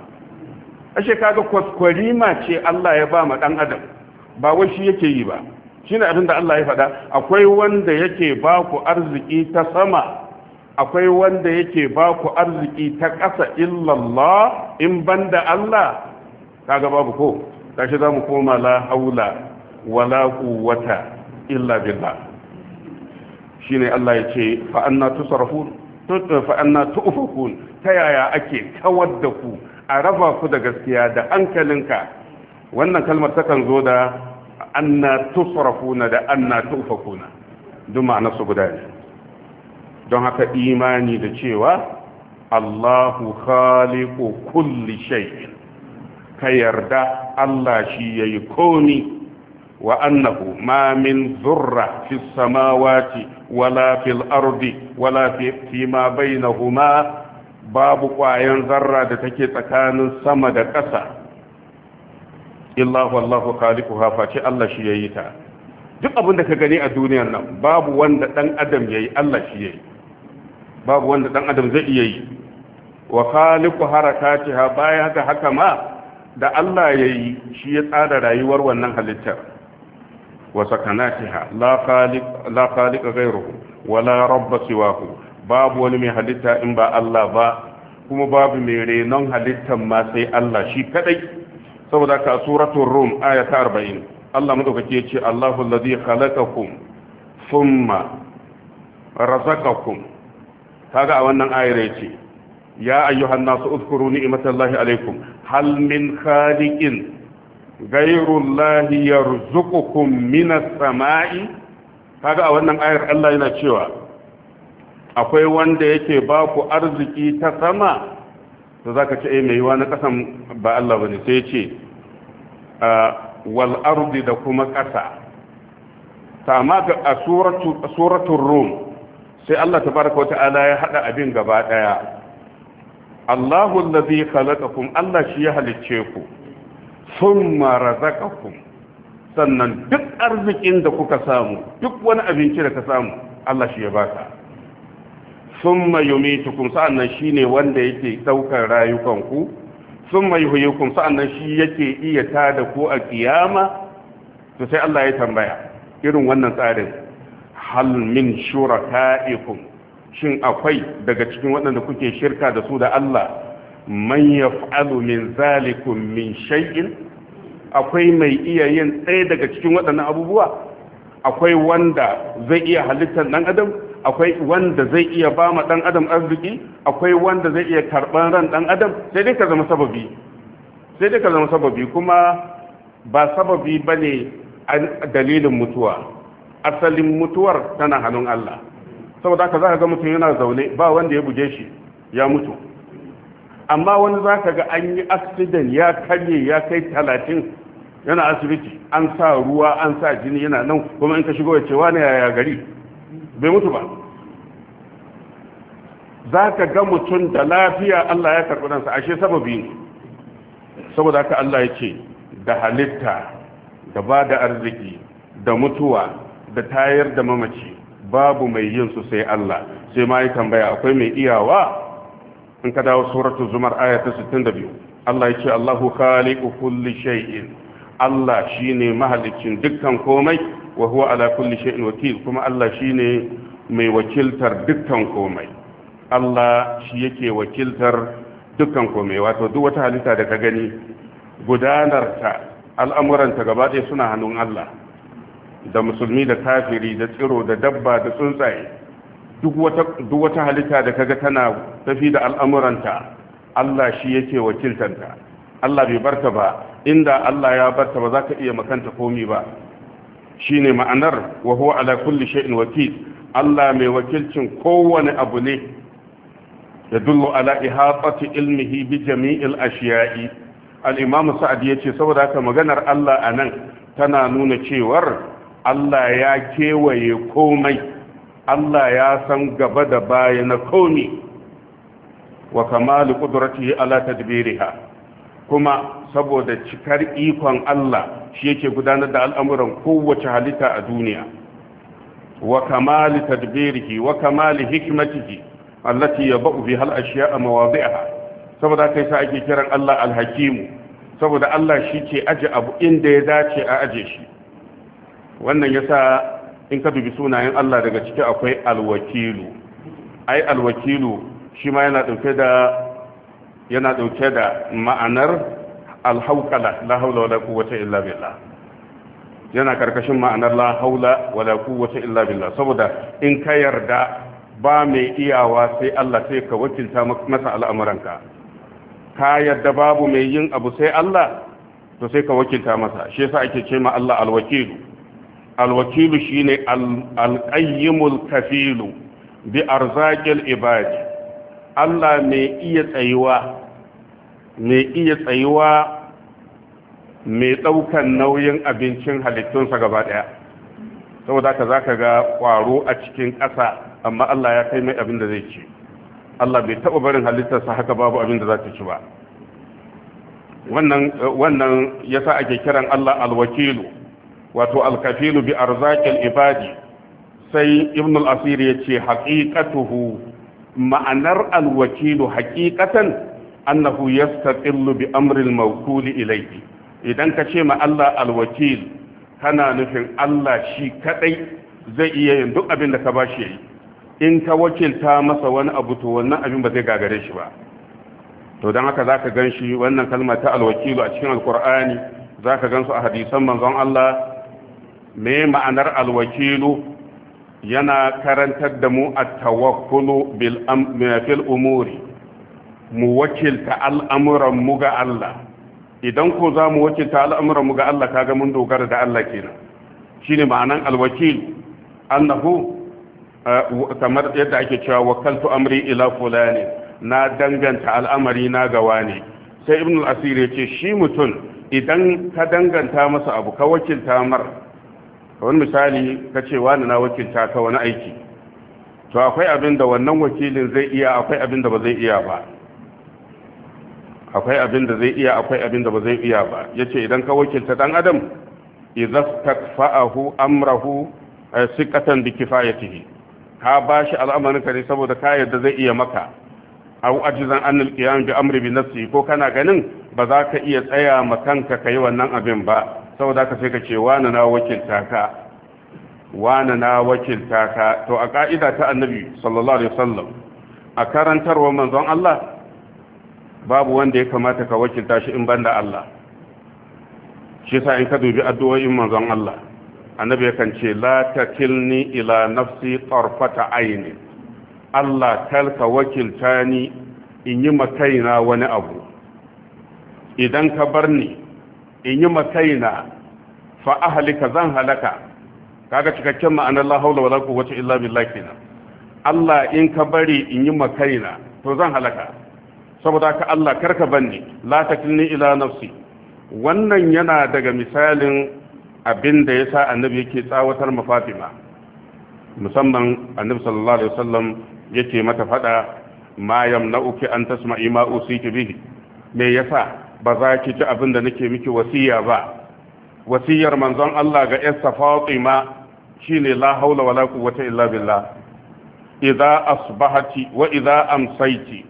ashe kaga kwaskwarima ce Allah ya ba ma adam ba wai shi yake yi ba shine abin da Allah ya faɗa akwai wanda yake ba ku arziki ta sama akwai wanda yake ba ku arziki ta ƙasa illallah in banda Allah kaga babu ko tashi za mu koma la haula wala quwwata illa billah shine Allah ya ce fa anna tusrafun eh, fa anna tu'fakun ta yaya ake kawar da ku a raba ku da gaskiya da hankalinka wannan kalmar takan zo da anna tusrafuna da anna tu'fakuna duk ma'ana su guda ne don haka imani da cewa Allahu khaliqu kulli shai ka yarda Allah shi yayi komi wa annahu ma min zurra fi samawati wala fil ardi wala fi ma bainahuma babu ƙwayan zarra da take tsakanin sama da ƙasa illa wallahu khaliquha fa ce Allah shi yayi ta duk abin da ka gani a duniyar nan babu wanda dan adam yayi Allah shi yayi babu wanda dan adam zai iya yi wa khaliqu harakatiha baya da haka ma da Allah yayi shi ya tsara rayuwar wannan halittar وسكناتها لا خالق لا خالق غيره ولا رب سواه باب ولم يحدث إن با الله با kuma babu mai renon halittan ma sai Allah shi kadai saboda ka suratul rum aya ta 40 Allah madaukake ya ce Allahu allazi khalaqakum thumma razaqakum kaga a wannan ayar yace ya ayyuhan nasu udhkuru ni'matallahi alaykum hal min khaliqin ghayrullahi yarzuqukum minas sama'i kaga a wannan ayar Allah yana cewa akwai wanda yake ba ku arziki ta sama to zaka ce eh mai yiwa na kasan ba Allah bane sai ce wal ardi da kuma kasa sama ga a suratu rum sai Allah tabaraka wata'ala ya hada abin gaba daya Allahu allazi khalaqakum Allah shi ya halicce ku sun marazakakun sannan duk arzikin da kuka samu duk wani abinci da ka samu Allah shi ya baka sun mayumi tukun sa'annan shi ne wanda yake ɗaukar rayukanku sun mayuhuyukun sa'annan shi yake iya tada ku a kiyama su sai Allah ya tambaya irin wannan tsarin halmin shura ta'ikun shin akwai daga cikin waɗanda kuke shirka da su da Allah man yaf'alu min zalikum min shay'in akwai mai iya yin ɗaya daga cikin waɗannan abubuwa akwai wanda zai iya halittar ɗan adam akwai wanda zai iya ba ma ɗan adam arziki akwai wanda zai iya karɓar ran ɗan adam sai dai ka zama sababi sai dai ka zama sababi kuma ba sababi bane dalilin mutuwa asalin mutuwar tana hannun Allah saboda haka za ka ga mutum yana zaune ba wanda ya buge shi ya mutu amma wani za ka ga an yi accident ya karye ya kai talatin yana asibiti an sa ruwa an sa jini yana nan kuma in ka shigo ya ce wani yaya gari bai mutu ba za ka ga mutum da lafiya Allah ya karɓi ɗansa ashe sababi saboda haka Allah ya ce da halitta da ba da arziki da mutuwa da tayar da mamaci babu mai yin su sai Allah sai ma yi tambaya akwai mai iyawa in ka dawo suratu zumar aya ta 62 Allah ya ce Allahu khaliqu kulli shay'in Allah shine mahalicin dukkan komai wa huwa ala kulli shay'in wakil kuma Allah shine mai wakiltar dukkan komai Allah shi yake wakiltar dukkan komai wato duk wata halitta da ka gani gudanarta ta gaba ɗaya suna hannun Allah da musulmi da kafiri da tsiro da dabba da tsuntsaye duk wata halitta da kaga tana tafi da al'amuranta Allah shi yake wakiltanta Allah bai barta ba inda Allah ya barta ba za ka iya makanta komi ba shine ma'anar wa ala kulli shay'in wakil Allah mai wakilcin kowane abu ne yadullu ala ihatati ilmihi bi jami'il ashiya'i al sa'ad ya ce saboda haka maganar Allah anan tana nuna cewar Allah ya kewaye komai Allah ya san gaba da baya na komi wa kamalu qudratihi ala tadbiriha kuma saboda cikar ikon Allah shi yake gudanar da al'amuran kowace halitta a duniya wa kamali tadbirihi wa kamali hikmatihi allati yaba'u biha al a mawadi'aha saboda kai sa ake kiran Allah alhakimu, saboda Allah shi ke aje abu inda ya dace a aje shi wannan yasa in ka dubi sunayen Allah daga ciki akwai alwakilu ai alwakilu shi ma yana dauke da yana dauke da ma'anar alhaukala la haula wala quwwata illa billah yana karkashin ma'anar la haula wala quwwata illa billah saboda in ka yarda ba mai iyawa sai Allah sai ka wakilta masa al'amuranka ka yarda babu mai yin abu sai Allah to sai ka wakilta masa shi yasa ake ce ma Allah alwakilu alwakilu shine alqayyimul kafilu bi arzaqil ibad Allah mai iya tsayuwa mai iya tsayuwa ɗaukan nauyin abincin halittunsa gaba ɗaya saboda haka za ka ga ƙwaro a cikin ƙasa amma Allah ya kai mai abin da zai ci Allah bai taɓa barin halittarsa haka babu abin da za ta ci ba wannan ya sa ake kiran Allah alwakilu wato alkafilu bi arzakil ibadi sai ibn al-asir ya ce haƙiƙatuhu ma'anar alwakilu haƙiƙatan annahu yastaqillu bi amril al ilai ilayhi idan ka ce ma Allah alwakil kana nufin Allah shi kadai zai iya yin duk abin da ka bashi yayi in ka wakilta masa wani abu to wannan abin ba zai gagare shi ba to don haka za ka gan shi wannan kalma ta alwakilu a cikin alkur'ani za ka gan su a hadisan manzon Allah me ma'anar alwakilu yana karantar da mu a tawakkulu fil umuri mu wakilta al'amuranmu ga Allah idan ko za mu wakilta al'amuranmu ga Allah kaga mun dogara da Allah kenan shine ma'anan alwakil annahu eh, kamar yadda ake cewa wakaltu amri ila fulani na danganta al'amari na gawa ne sai ibn al-asir ya ce shi mutum idan ka danganta masa abu ka wakilta mar wani misali ka ce wani na wakilta ka wani aiki to akwai abin da wannan wakilin zai iya akwai abin da ba zai iya ba akwai abin da zai iya akwai abin da ba zai iya ba yace idan ka wakilta dan adam idza takfa'ahu amrahu eh, siqatan bi kifayatihi ka ba shi al'amarin ka ne saboda ka yadda zai iya maka au ajizan an alqiyam bi amri bi nafsi ko kana ganin ba za ka iya tsaya ma kanka kai wannan abin ba saboda ka sai ka ce wani na wakilta ka wani na wakilta ka to a ka'ida ta annabi sallallahu alaihi wasallam a karantarwa manzon Allah babu wanda ya kamata ka wakilta shi in banda Allah shi sa in ka dubi addu'o'in manzon Allah annabi yakan ce la takilni ila nafsi tarfata aini Allah kalka wakilta ni in yi makaina wani abu idan ka bar ni in yi makaina fa ahlika zan halaka kaga cikakken ma'anar la haula wala quwwata illa billahi kenan Allah in ka bari in yi makaina to zan halaka saboda ka Allah ka banni la takilni ila nafsi wannan yana daga misalin abin da yasa annabi yake tsawatar ma Fatima musamman annabi sallallahu alaihi wasallam yake mata fada ma yamna'uki an tasma'i ma usiki bihi me yasa ba za ki ji abin da nake miki wasiya ba wasiyar manzon Allah ga yarsa Fatima shine la haula wala quwwata illa billah idza asbahati wa idza amsayti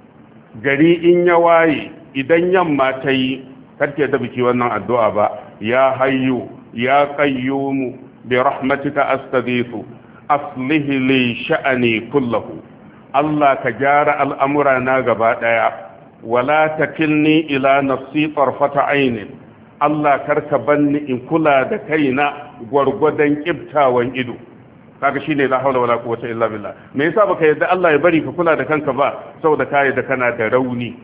gari in ya waye idan yamma ta yi karke da biki wannan addu'a ba ya hayyu ya qayyumu bi rahmatika astaghiithu aslih li sha'ani kullahu Allah ka gyara al'amura na gaba daya wala takilni ila nafsi tarfata ainin Allah karka banni in kula da kaina gwargwadan kibtawan ido kaga shine la haula wala quwwata illa billah me yasa baka yadda Allah ya bari ka kula da kanka ba saboda ka yadda kana da rauni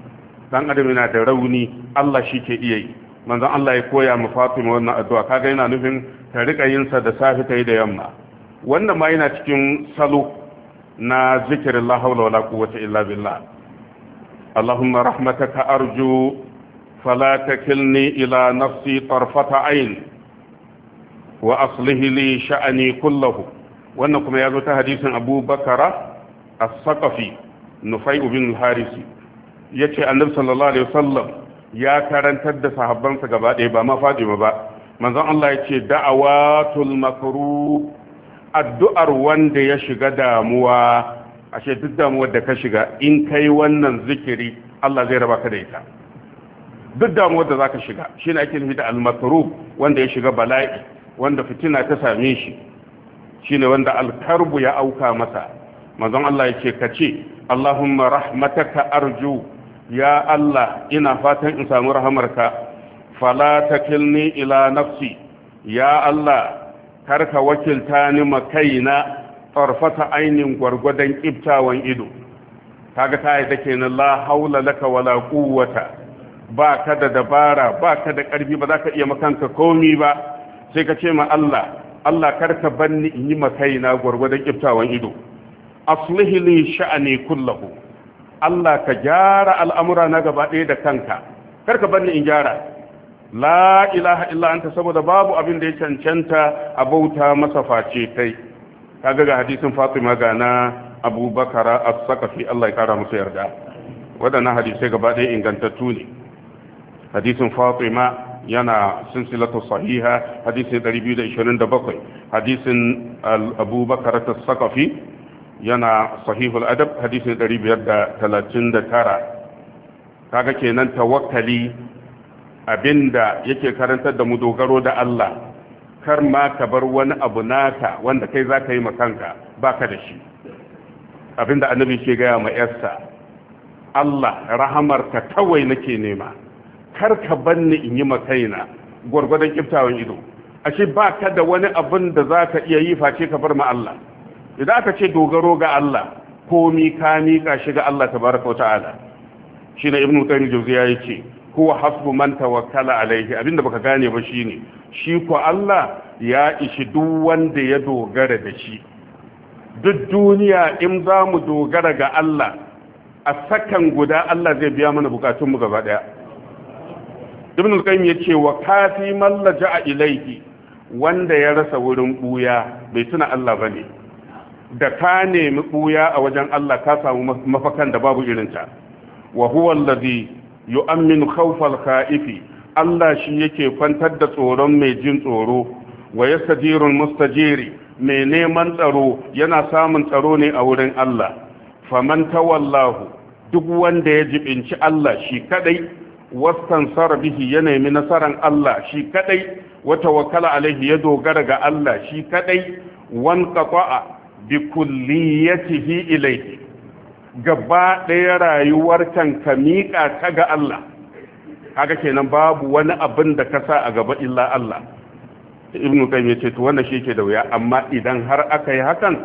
dan adam yana da rauni Allah shi ke iya yi manzon Allah ya koya mu Fatima wannan addu'a kaga yana nufin ta rika yin sa da safi ta yi da yamma wannan ma yana cikin salo na zikirin la haula wala quwwata illa billah اللهم رحمتك أرجو فلا تكلني إلى نفسي طرفة عين وأصله لي شأني كله وأنكم يازوت حديث أبو بكر الثقفي نفيء بن الحارثي يتي النبي صلى الله عليه وسلم يا كرن تد صحابان سقبا إيبا ما فاجم با من ذا الله يتي دعوات المكروب الدؤر وان دي يشغ داموا ashe duk damuwar da ka shiga in kai wannan zikiri Allah zai raba ka da ita duk damuwar da za ka shiga shine ake nufi da al wanda ya shiga bala'i wanda fitina ta same shi shine wanda alkarbu ya auka masa manzon Allah ka ce Allahumma rahmataka arju ya Allah ina fatan in samu rahamarka fala takilni ila nafsi ya Allah karka wakilta ni makaina tarfata ainihin gwargwadon ibtawan ido kaga ta yi take na la haula laka wala kuwata ba ka da dabara ba ka da ƙarfi ba za ka iya makanka komi ba sai ka ce ma Allah Allah karka banni in yi makaina gwargwadon ibtawan ido aslihi li sha'ani kullahu Allah ka gyara al'amura na gaba ɗaya da kanka karka banni in gyara la ilaha illa saboda babu abin da ya cancanta a bauta masa face kai kaga ga hadisin fatima ga na abubakar a sakafi Allah ya kara musu yarda waɗannan hadisai gaba ɗaya ingantattu ne hadisin fatima yana silsilatu sahiha hadisin 227 hadisin abubakar as-sakafi yana sahihul adab hadisin 539 kaga kenan tawakkali abinda yake karantar da mu dogaro da Allah kar ma ka bar wani abu naka wanda kai za ka yi makanka ba ka da shi abinda annabi ke gaya ma yarsa Allah rahamarka kawai nake nema kar ka banni in yi makaina gwargwadon kiftawan ido ashe ba ka da wani abin da za ka iya yi face ka bar ma Allah idan aka ce dogaro ga Allah komi ka miƙa shi ga Allah tabaraka wa ta'ala shine ibnu tayyib juziya yake huwa hasbu man tawakkala alayhi abinda baka gane ba shine shi ku Allah ya ishi duk wanda ya dogara da shi duk duniya in za mu dogara ga Allah a sakan guda Allah zai biya mana bukatunmu gaba daya ibn al-qayyim yace wa kafi man laja'a ilayhi wanda ya rasa wurin buya bai tuna Allah bane da ka nemi buya a wajen Allah ka samu mafakan da babu irinta wa huwa allazi yu'minu khawfal kha'ifi Allah shi yake kwantar da tsoron mai jin tsoro wa yastadirul mustajiri mai neman tsaro yana samun tsaro ne a wurin Allah faman tawallahu duk wanda ya jibinci Allah shi kadai wastansara bihi ya nemi nasaran Allah shi kadai wata wakala alaihi ya dogara ga Allah shi kadai wan qata'a bi kulliyatihi ilayhi gaba ɗaya rayuwar kan ka miƙa ta ga Allah haka kenan babu wani abin da ka sa a gaba illa Allah ibn qayyim yace to wannan shi ke da wuya amma idan har aka yi hakan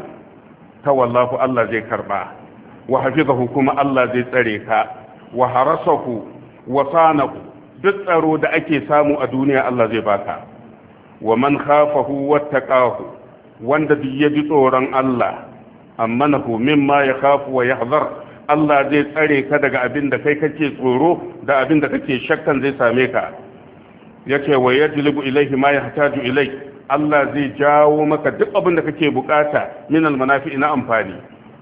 ta wallahu Allah zai karba wa hafizahu kuma Allah zai tsare ka wa harasahu wa sanahu duk tsaro da ake samu a duniya Allah zai baka wa man khafahu wattaqahu wanda duk ya ji tsoron Allah amma nahu mimma ya khafu wa yahzar Allah zai tsare ka daga abin da kai kake tsoro da abin da kake shakkan zai same ka yace wa yajlibu ilayhi ma yahtaju ilai Allah zai jawo maka duk abin da kake bukata min almanafi na amfani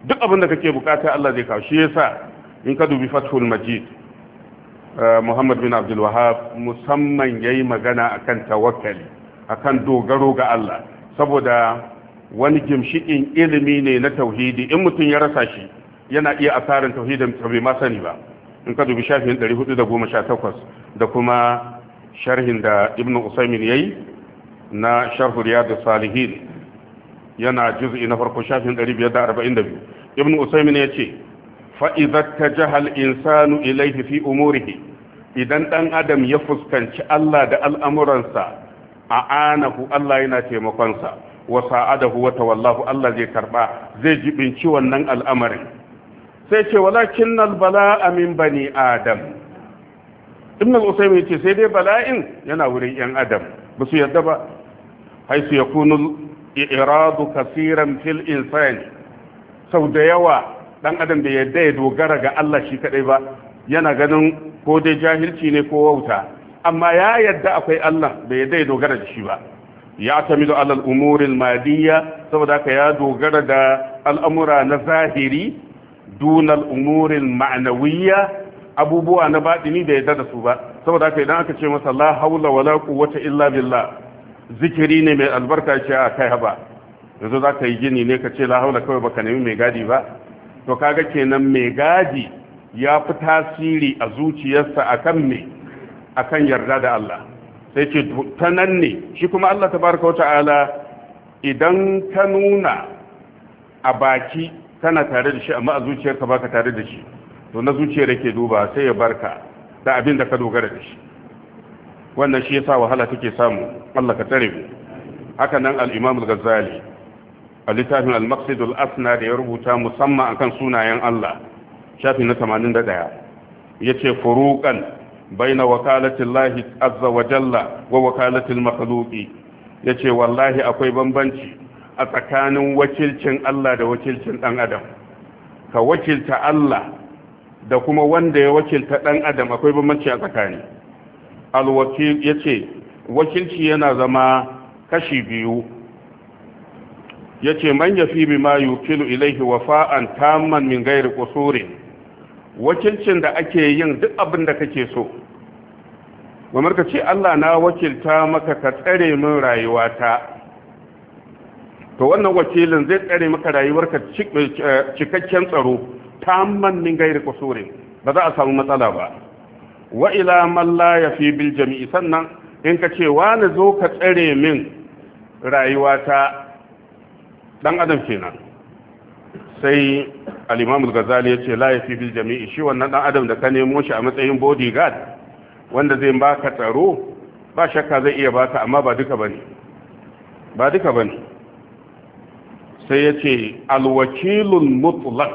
duk abin da kake bukata Allah zai kawo shi yasa in ka dubi fathul majid eh, Muhammad bin Abdul Wahhab musamman yayi magana akan tawakkali akan dogaro ga Allah saboda wani ginshikin ilimi ne na tauhidi in mutum ya rasa shi yana iya asarin tauhidin ta bai ma sani ba in ka dubi shafin 418 da kuma sharhin da ibnu usaimin yi na sharh riyadus salihin yana juz'i na farko shafin 542 Ibn usaimin ya ce idza tajaha al insanu ilaihi fi umurihi idan dan adam ya fuskanci Allah da al'amuransa a Anahu Allah yana taimakonsa wa sa'adahu wa tawallahu Allah zai karba zai ji jibinci wannan al'amarin sai ce walakin nan bala'a min bani adam ibn al-usaym yace sai dai bala'in yana wurin yan adam ba su yadda ba haisu yakunu i'radu kasiran fil insani sau da yawa dan adam bai yadda ya dogara ga Allah shi kadai ba yana ganin ko dai jahilci ne ko wauta amma ya yadda akwai Allah bai yadda ya dogara da shi ba ya tamidu alal umuril madiyya saboda ka ya dogara da al'amura na zahiri dunal umurin ma'anawiyya abubuwa na baɗini da yadda da su ba saboda haka idan aka ce masa la haula wala quwwata illa billah zikiri ne mai albarka ce a kai haba yanzu za ka yi gini ne ka ce la haula kawai baka nemi mai gadi ba to kaga kenan mai gadi ya fi tasiri a zuciyarsa akan me akan yarda da Allah sai ce ta nan ne shi kuma Allah tabaraka idan ka nuna a baki kana tare da shi amma a zuciyarka baka tare da shi to na zuciyar yake duba sai ya barka da abin da ka dogara da shi wannan shi yasa wahala take samu Allah ka tsare mu haka nan al-Imam al-Ghazali a littafin al-Maqsid al-Asna da ya rubuta musamman akan sunayen Allah shafi na 81 yace furuqan baina wakalati Allah azza wa jalla wa wakalati al-makhluqi yace wallahi akwai bambanci a tsakanin wakilcin Allah da wakilcin ɗan adam ka wakilta Allah da kuma wanda ya wakilta ɗan adam akwai bambanci a tsakani alwakil ya ce wakilci yana zama kashi biyu ya ce man ya fi bi ma yukilu ilaihi wafa'an tamman min gairi kusuri wakilcin da ake yin duk abin da kake so mamar ka ce Allah na wakilta maka ka tsare min rayuwata to wannan wakilin zai tsare maka rayuwarka eh, eh, cikakken tsaro ta min gairi kusure ba za a samu matsala ba wa ila man la yafi bil jami'i sannan in ka ce wani zo ka tsare min rayuwata dan adam kenan sai al-imam al-ghazali yace la yafi bil jami'i shi wannan dan adam da ka nemo shi a matsayin bodyguard wanda zai baka tsaro ba shakka zai iya baka amma ba duka bane ba duka bane sai ya ce alwakilun mutlak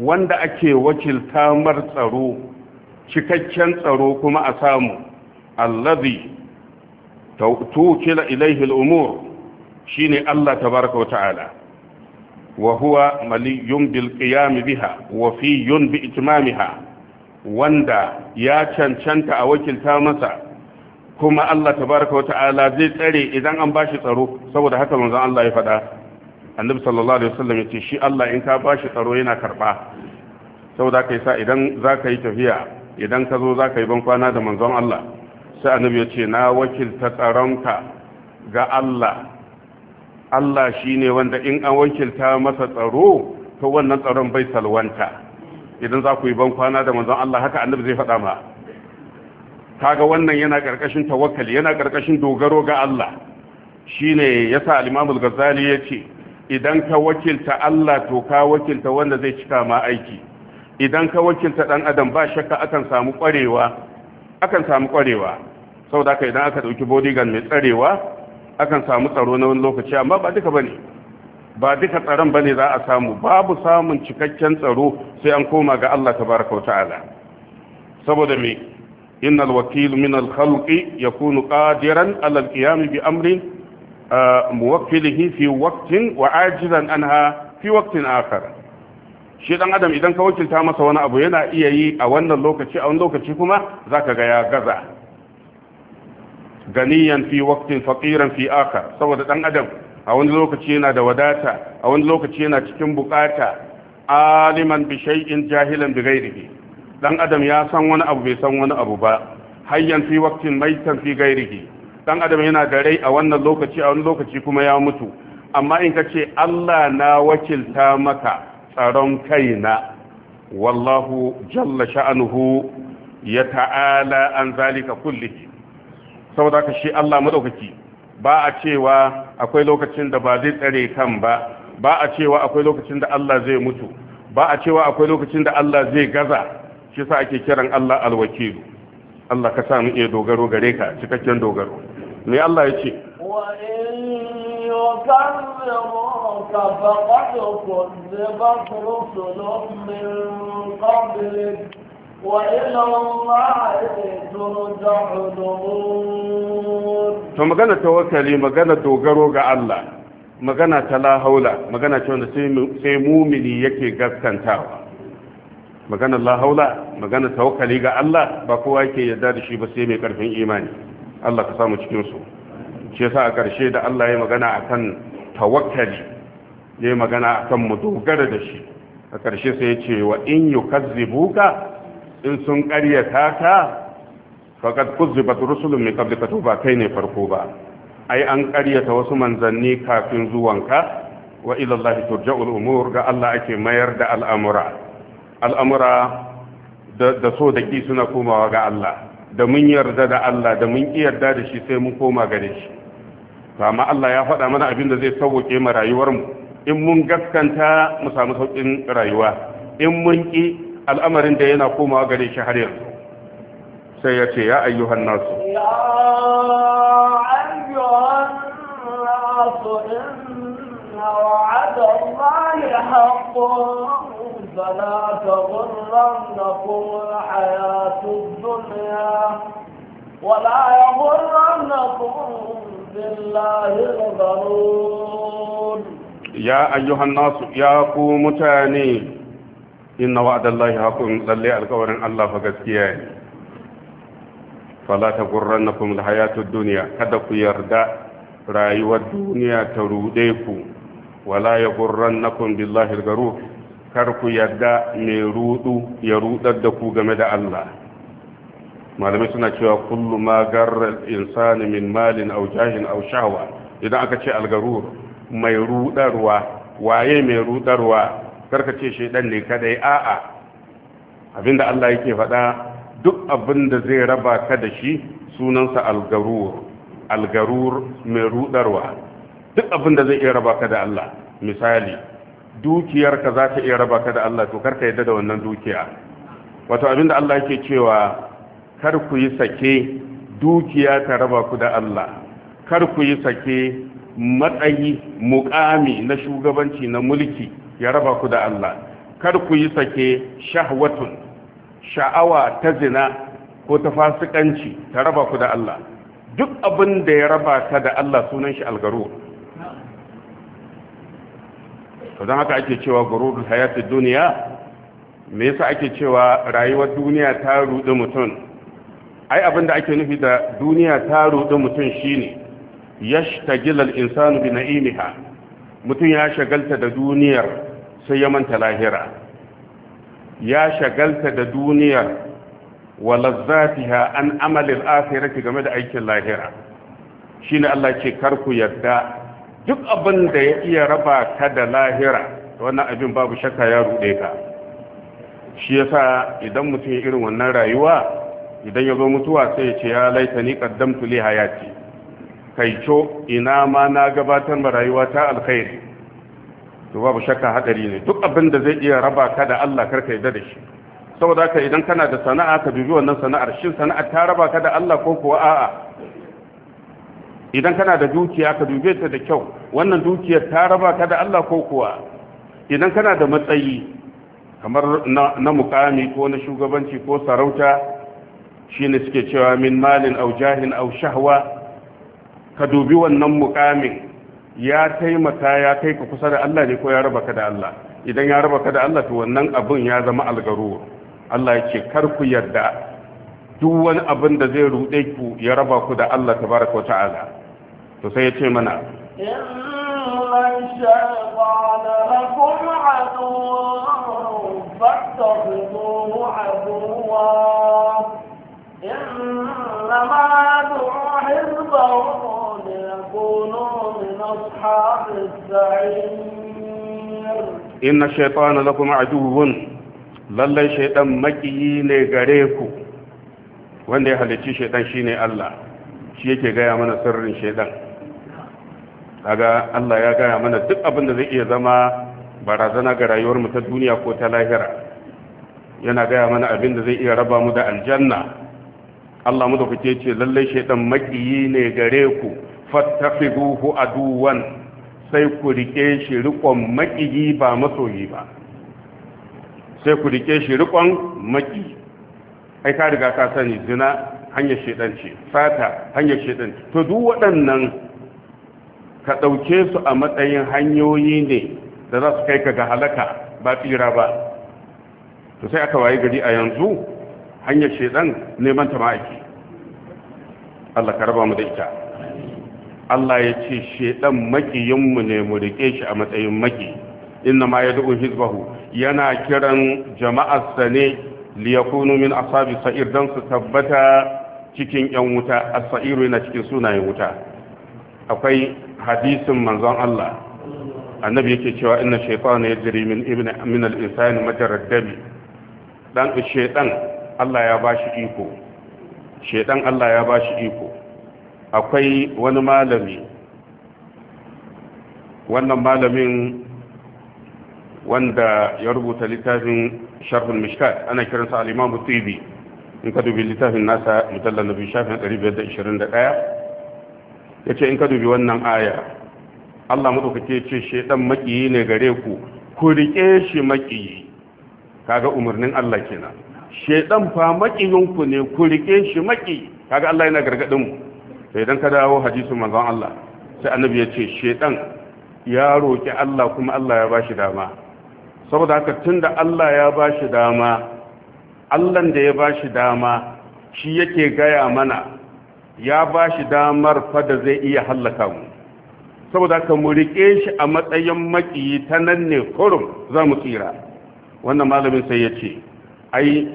wanda ake wakilta mar tsaro cikakken tsaro kuma a samu allazi tukila ilaihi al'umur shi ne Allah tabaraka wa ta'ala wa huwa maliyun bilkiyami biha wa fiyun bi itimamiha wanda ya cancanta a wakilta masa kuma Allah tabaraka wa ta'ala zai tsare idan an bashi tsaro saboda haka manzon Allah ya faɗa annabi sallallahu alaihi wasallam yace shi Allah in ka bashi tsaro yana karba saboda kai sa idan zaka yi tafiya idan ka zo zaka yi ban kwana da manzon Allah sai annabi yace na wakilta tsaronka ga Allah Allah shine wanda in an wakilta masa tsaro to wannan tsaron bai salwanta idan za ku yi ban kwana da manzon Allah haka annabi zai faɗa ma kaga wannan yana karkashin tawakkali yana karkashin dogaro ga Allah shine yasa al-Imam al-Ghazali yace idan ka wakilta Allah to ka wakilta wanda zai cika ma aiki idan ka wakilta dan adam ba shakka akan samu kwarewa akan samu kwarewa saboda kai idan aka dauki bodyguard mai tsarewa akan samu tsaro na wani lokaci amma ba duka bane ba duka tsaron bane za a samu babu samun cikakken tsaro sai an koma ga Allah tabaraka wa ta'ala saboda me innal wakil min al khalqi yakunu qadiran ala al qiyam bi amrin muwakkilihi fi waqtin wa ajizan anha fi waqtin akhar shi dan adam idan ka wakilta masa wani abu yana iya yi a wannan lokaci a wani lokaci kuma zaka ga ya gaza ganiyan fi waqtin faqiran fi akhar saboda dan adam a wani lokaci yana da wadata a wani lokaci yana cikin bukata aliman bi shay'in jahilan bi ghairihi dan adam ya san wani abu bai san wani abu ba hayyan fi waqtin maitan fi ghairihi dan adam yana da rai a wannan lokaci a wani lokaci kuma ya mutu amma in ka ce Allah na wakilta maka tsaron kaina wallahu jalla sha'anuhu ya ta'ala an zalika kullihi saboda ka shi Allah madaukaki ba a cewa akwai lokacin da ba zai tsare kan ba ba a cewa akwai lokacin da Allah zai mutu ba a cewa akwai lokacin da Allah zai gaza shi sa ake kiran Allah alwakilu Allah ka sa mu iya dogaro gare ka cikakken dogaro me Allah ya ce to magana tawakkali magana dogaro ga Allah magana ta la magana ce wanda sai mumini yake gaskantawa magana lahaula haula magana tawakkali ga Allah ba kowa yake yarda da shi ba sai mai karfin imani Allah ka samu cikin su shi yasa a ƙarshe da Allah ya magana a kan tawakkali ya magana akan mu dogara da shi a ƙarshe sai ya ce wa in yukazzibuka in sun ƙaryata ka faqad kuzzibat rusulun mai qablika kato ba kai ne farko ba ai an ƙaryata wasu manzanni kafin zuwanka wa ilallahi Allah turja'ul umur ga Allah ake mayar da al'amura al'amura da so da ki suna komawa ga Allah da mun yarda da Allah da mun yarda da shi sai mun koma gare shi to amma Allah ya faɗa mana abin da zai sauke mu rayuwar mu in mun gaskanta mu samu saukin rayuwa in mun ki al'amarin da yana komawa gare shi har yanzu sai ya ce ya ayyuhan nasu ya ayyuhan nasu inna wa'ada Allah حقا فلا تغرنكم الحياة الدنيا ولا يغرنكم بالله الغرور يا أيها الناس يا قوم تاني إن وعد الله حق للي القول الله فقسكيه فلا تغرنكم الحياة الدنيا كدك يرد رأي والدنيا تروديكم wala ya gurran na billahi garu kar ku yadda mai rudu ya rudar da ku game da Allah malamai suna cewa kullu ma garra insani min malin aw jahin aw shahwa idan aka ce algarur mai rudarwa waye mai rudarwa ka ce shedan ne kadai a'a abinda Allah yake faɗa duk abinda zai raba ka da shi sunansa algarur algarur mai rudarwa duk abin da zai iya raba ka da Allah misali dukiyarka za ta iya raba ka da Allah to karka yadda da wannan dukiya wato abin da Allah yake cewa kar ku yi sake dukiya ta raba ku da Allah kar ku yi sake matsayi muƙami na shugabanci na mulki ya raba ku da Allah kar ku yi sake shahwatun sha'awa ta zina ko ta fasikanci ta raba ku da Allah duk abin da ya raba ka da Allah sunan shi algaru to don haka ake cewa gururul hayatid duniya me yasa ake cewa rayuwar duniya ta rudu mutum ai abin da ake nufi da duniya ta rudu mutum shine yashtagil al-insanu bi na'imiha mutum ya shagalta da duniyar sai ya manta lahira ya shagalta da duniyar wa lazzatiha an amalil akhirati game da aikin lahira shine Allah ce kar ku yarda duk abin da ya iya raba ka da lahira wannan abin babu shakka ya ruɗe ka shi yasa idan mutum ya irin wannan rayuwa idan ya zo mutuwa sai ya ce ya laita ni qaddamtu li hayati kaico ina ma na gabatar ma rayuwa ta alkhairi to babu shakka hadari ne duk abin da zai iya raba ka da Allah karka yarda da shi saboda haka idan kana da sana'a ka dubi wannan sana'ar shin sana'ar ta raba ka da Allah ko kuwa a'a idan kana da dukiya ka dube ta da kyau wannan dukiyar ta raba ka da Allah ko kuwa idan kana da matsayi kamar na mukami ko na shugabanci ko sarauta shine suke cewa min malin au jahin au shahwa ka dubi wannan mukamin ya taimaka ya kai ka kusa da Allah ne ko ya raba ka da Allah idan ya raba ka da Allah to wannan abun ya zama algaru Allah yake kar ku yarda duk wani abin da zai rude ku ya raba ku da Allah tabaraka wa ta'ala to sai ya ce mana inna shaitana lakum aduwwun lallai shaitan makiyi ne gare ku wanda ya halicci shaitan shine Allah shi yake gaya mana sirrin shaitan kaga Allah ya gaya mana duk abin da zai iya zama barazana ga rayuwar mu ta duniya ko ta lahira yana gaya mana abin da zai iya raba mu da aljanna Allah mu da kuke ce lalle shaydan makiyi ne gare ku fattafiduhu aduwan sai ku rike shi rikon makiyi ba masoyi ba sai ku rike shi rikon maki ai ka riga ka sani zina hanyar shaydan ce fata hanyar shaydan to duk waɗannan ka ɗauke su a matsayin hanyoyi ne da za su kai ka ga halaka ba tsira ba to sai aka waye gari a yanzu hanyar shedan neman ta ma'aiki Allah ka raba mu da ita Allah ya ce shedan makiyinmu ne mu rike shi a matsayin maki inna ma du'u hizbahu yana kiran jama'arsa ne liyakunu min asabi sa'ir dan su tabbata cikin yan wuta as-sa'iru yana cikin sunayen wuta akwai hadisin manzon Allah annabi yake cewa inna shaytana yajri min ibn min al-insani majra dami dan shaytan Allah ya bashi iko shaytan Allah ya bashi iko akwai wani malami wannan malamin wanda ya rubuta littafin sharhul mishkat ana kiransa al-imam tibi in ka dubi littafin nasa mujallal nabi shafin 521 ya ce in ka dubi wannan aya Allah maɗaukake ce shaidan maƙiyi ne gare ku ku riƙe shi maƙiyi kaga umarnin Allah kenan shaidan fa ku ne ku riƙe shi maƙiyi kaga Allah yana gargaɗin mu sai idan ka dawo hadisin manzon Allah sai annabi ya ce shaidan ya roƙi Allah kuma Allah ya bashi dama saboda haka tunda Allah ya bashi dama Allah da ya bashi dama shi yake gaya mana ya ba shi damar fada zai iya hallaka mu saboda ka mu riƙe shi a matsayin maki ta nan ne kurum za mu tsira wannan malamin sai ya ce ai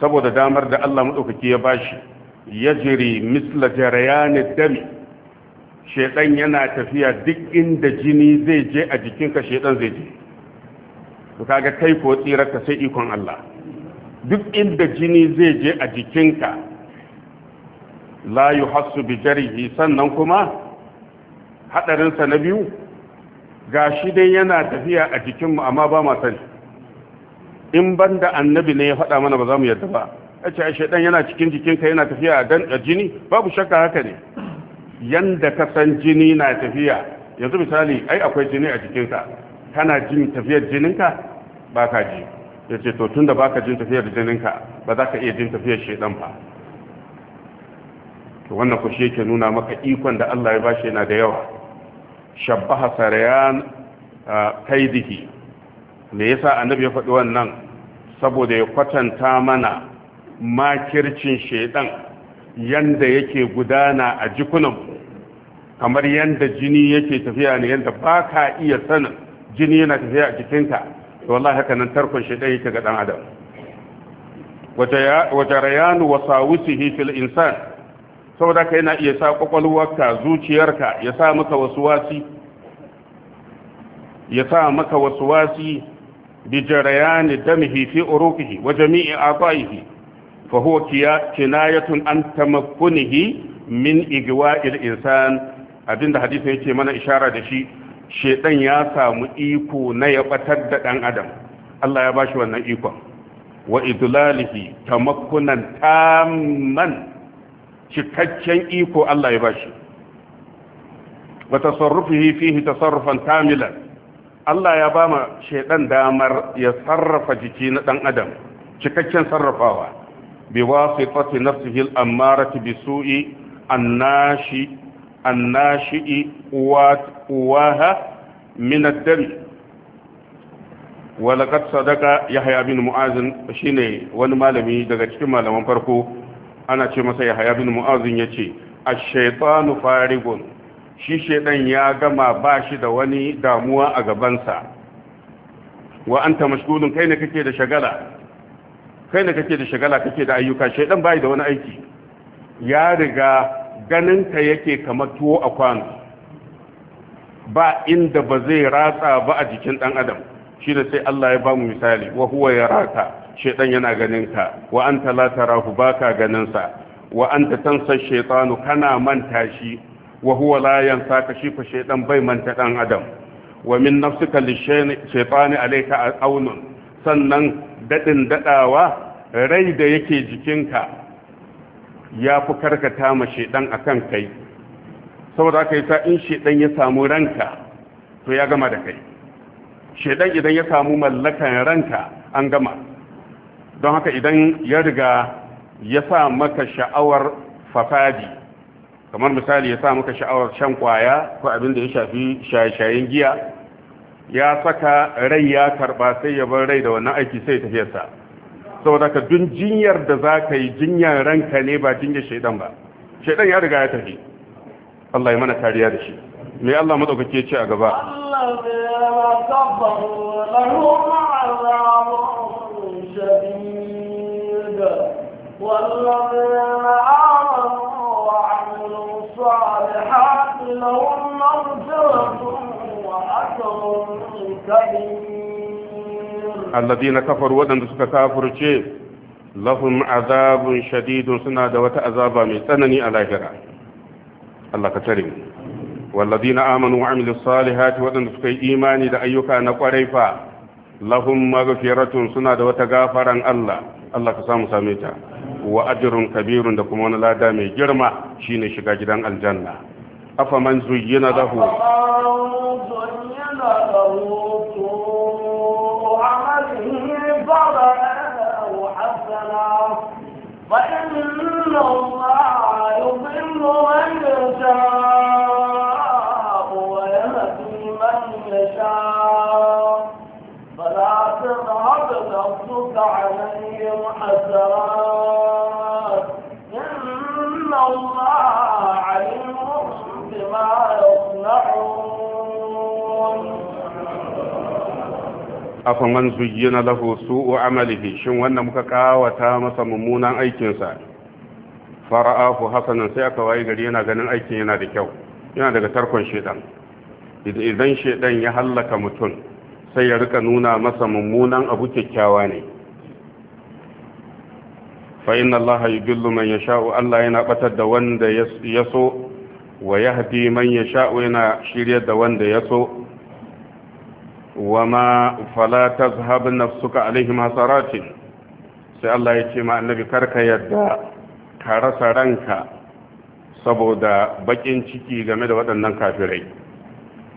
saboda damar da Allah maɗaukaki ya ba shi ya jiri misla ne dami shaidan yana tafiya duk inda jini zai je a jikinka shaidan zai je to kaga kai ko tsira ka sai ikon Allah duk inda jini zai je a jikinka la yuhassu bi jarihi sannan kuma hadarinsa na biyu gashi dai yana tafiya a jikinmu amma ba ma sani in banda annabi ne ya faɗa mana ba za mu yarda ba a ce ashe dan yana cikin jikinka yana tafiya a dan jini babu shakka haka ne yanda ka san jini na tafiya yanzu misali ai akwai jini a jikinka kana jin tafiyar jininka ba ka ji ya ce to ba baka jin tafiyar jininka ba za ka iya jin tafiyar shaidan ba wannan ku yake nuna maka ikon da Allah ya bashi yana da yawa shabbaha sarayan kaidihi me yasa annabi ya faɗi wannan saboda ya kwatanta mana makircin shaidan yanda yake gudana a jikunan kamar yanda jini yake tafiya ne yanda ba iya sanin jini yana tafiya a jikinka to wallahi haka nan tarkon shaidan yake ga dan adam wata rayanu wasawusihi fil insani saboda ka yana iya sa kwakwalwarka zuciyarka ya sa maka wasu wasi ya sa maka wasu wasi bi jarayani damhi fi uruqihi wa jami'i aqaihi fa huwa kinayatun an tamakkunihi min igwa'il insan abinda hadisi yake mana ishara da shi shedan ya samu iko na ya batar da dan adam Allah ya bashi wannan ikon wa idlalihi tamakkunan tamman cikakken iko Allah ya bashi wa tasarrufihi fihi tasarrufan kamilan Allah ya bama ma shaidan damar ya sarrafa jiki na dan adam cikakken sarrafawa bi wasitati nafsihi al-ammarati bisu'i annashi annashi uwaha min ad-dami wa laqad sadaqa yahya bin mu'azin shine wani malami daga cikin malaman farko ana ce masa ya haya bin mu'azin ya ce a shaitanu farigun shi shaitan ya gama ba shi da wani damuwa a gabansa wa an ta mashgulun kai ne kake da shagala kai ne kake da shagala kake da ayyuka shaitan bai da wani aiki ya riga ganin ka yake kamar tuwo a kwano ba inda ba zai ratsa ba a jikin dan adam shi da sai Allah ya ba mu misali wa huwa ya rata shaitan yana ganin ka wa anta la tarahu baka ganin sa wa anta tansa shaitanu kana manta shi wa huwa la shi fa shaitan bai manta dan adam wa min nafsika lishaytani alayka aunun sannan dadin dadawa rai da yake jikinka ya fi karkata ma shaitan akan kai saboda aka yi in shaitan ya samu ranka to ya gama da kai shaitan idan ya samu mallakan ranka an gama don haka idan ya riga ya sa maka sha'awar Fafadi, kamar misali ya sa maka sha'awar shan kwaya ko abin da ya shafi shayayen giya ya saka rai ya karba sai ya bar rai da wannan aiki sai tafiyarsa saboda ka dun jinyar da za ka yi jinyar ranka ne ba jinyar shaidan ba shaidan ya riga ya tafi Allah ya mana kariya da shi me Allah matsaukake ce a gaba Allah ya شديد والذين آمنوا وعملوا الصالحات لهم مغفرة وأجر كبير الذين كفروا ودن دسك شيء لهم عذاب شديد سناد وتعذاب من سنني على هرا الله كترم والذين آمنوا وعملوا الصالحات ودن دسك إيماني لأيوكا نقريفا lahum maghfiratun suna da wata gafaran Allah Allah ka samu same ta wa ajrun kabirun da kuma wani lada mai girma shine shiga gidan aljanna afaman zuyyina lahu فإن الله يضل من يشاء ويهدي من يشاء ترد عليهم حسرات إن الله عليم بما afaman amalihi shin wanda muka kawata masa mummunan aikinsa fara'ahu hasanan sai aka wayi gari yana ganin aikin yana da kyau yana daga tarkon shedan idan shedan ya hallaka mutum sai ya rika nuna masa mummunan abu kyakkyawa ne fa inna allaha yudillu man yasha'u Allah yana batar da wanda ya so wa yahdi man yasha'u yana shirya da wanda ya so wama fala tazhab nafsuka alaihim hasaratin sai Allah yace ce ma annabi karka yadda ka rasa ranka saboda bakin ciki game da waɗannan kafirai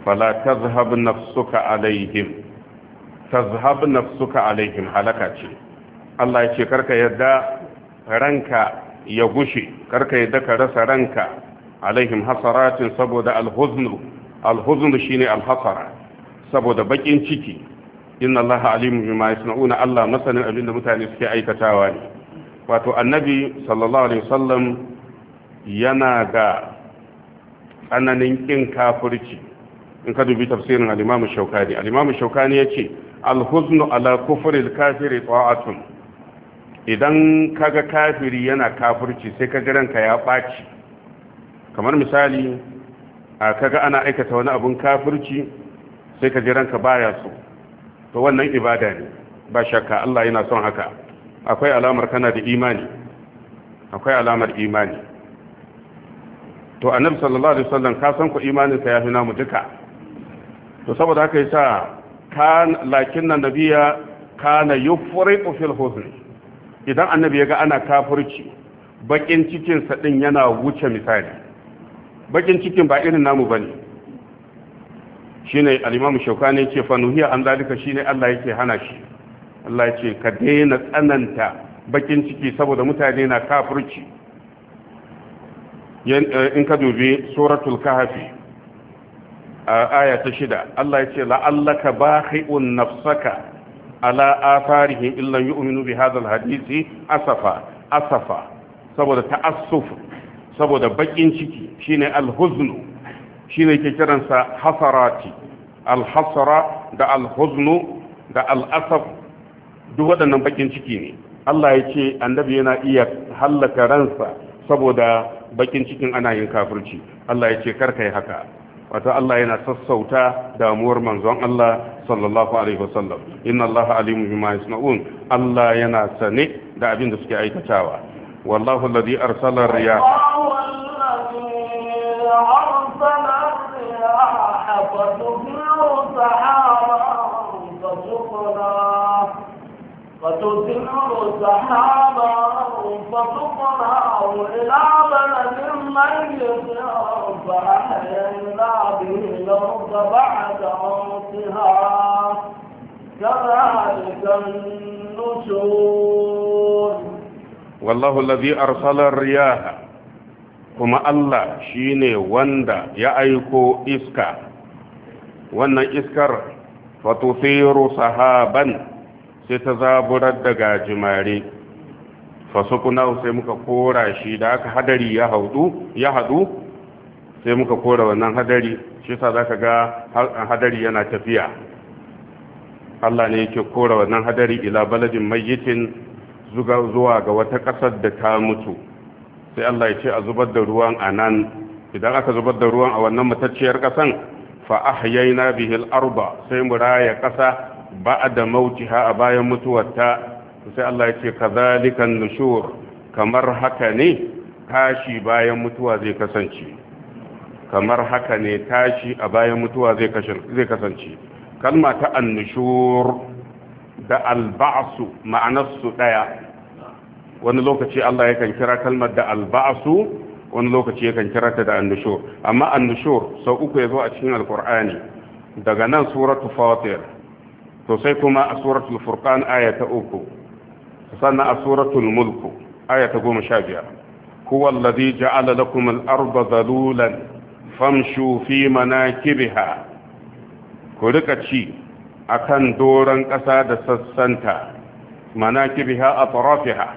fala tazhab nafsuka alaihim tazhab nafsuka alaihim halaka ce Allah yace kar ka yarda. ranka ya gushe karka yadda ka rasa ranka alaihim hasaratin saboda alhuznu alhuznu shine alhasara saboda bakin ciki inna allaha alimu bima yasnauna allah masanin abinda mutane suke aikatawa ne wato annabi sallallahu alaihi wasallam yana ga tsananin kin kafirci in ka dubi tafsirin al-imam shaukani al-imam shaukani yace al-huznu ala kufri al-kafiri ta'atun idan kaga kafiri yana kafirci sai kaga ranka ya ɓaci kamar misali a kaga ana aikata wani abun kafirci sai ka ranka baya so to wannan ibada ne ba shakka Allah yana son haka akwai alamar kana da imani akwai alamar imani to annabi sallallahu alaihi wasallam ka san ku imanin sa yafi namu duka to saboda haka yasa kan lakinna nabiyya kana yufriqu fil huzni idan annabi ya ga ana kafirci bakin cikinsa din yana wuce misali bakin cikin ba irin namu ba ne shi ne alimamu shaukani ce fanuhiya an zalika shi ne allah yake hana shi allah ce ka daina tsananta bakin ciki saboda mutane na kafurci eh, in ka dubi suratul kahafi a aya shida allah ya ce la'allaka bakhi'un nafsaka ala illan illa yu'minu bi hadha alhadisi asafa asafa saboda ta'assuf saboda bakin ciki shine alhuznu shine ke kiransa hasarati alhasara da alhuznu da al'asaf duk waɗannan bakin ciki ne Allah ya ce annabi yana iya hallaka ransa saboda bakin cikin ana yin kafirci Allah ya ce karka yi haka wato Allah yana sassauta damuwar manzon Allah sallallahu alaihi wasallam inna Allah alimu bima yasnaun Allah yana sane da abin da suke aikatawa wallahu alladhi arsala riyaha فتثمر سحابا فسقناه إلى بلد ميت فأحيينا بعد موتها كذلك النشور والله الذي أرسل الرياح kuma Allah shi ne wanda ya aiko iska wannan iskar fatusiru sahaban sai ta zaburar da gajimare fasukunau sai muka kora shi da aka hadari ya haɗu. sai muka kora wannan hadari shi yasa ka ga hadari yana tafiya Allah ne yake kora wannan hadari ila baladin mayyitin zuga zuwa ga wata ƙasar da ta mutu sai Allah ya ce a zubar da ruwan a nan idan aka zubar da ruwan a wannan matacciyar ƙasan fa ahyayna bihil arba sai mu raya ƙasa ba'da mautiha a bayan mutuwarta sai Allah ya ce kazalikan nushur kamar haka ne kashi bayan mutuwa zai kasance kamar haka ne tashi a bayan mutuwa zai kasance kalma ta annushur da alba'asu ma'anarsu ɗaya wani lokaci Allah yakan kira kalmar da alba'asu wani lokaci yakan kira ta da annushur amma annushur sau uku ya zo a cikin alkur'ani daga nan suratu fatir to sai kuma a suratul furqan aya uku sannan a suratul mulku aya goma sha biyar huwa alladhi ja'ala lakum al-arda dhalulan famshu fi manakibiha ku rika ci akan doron ƙasa da sassanta manakibiha atrafiha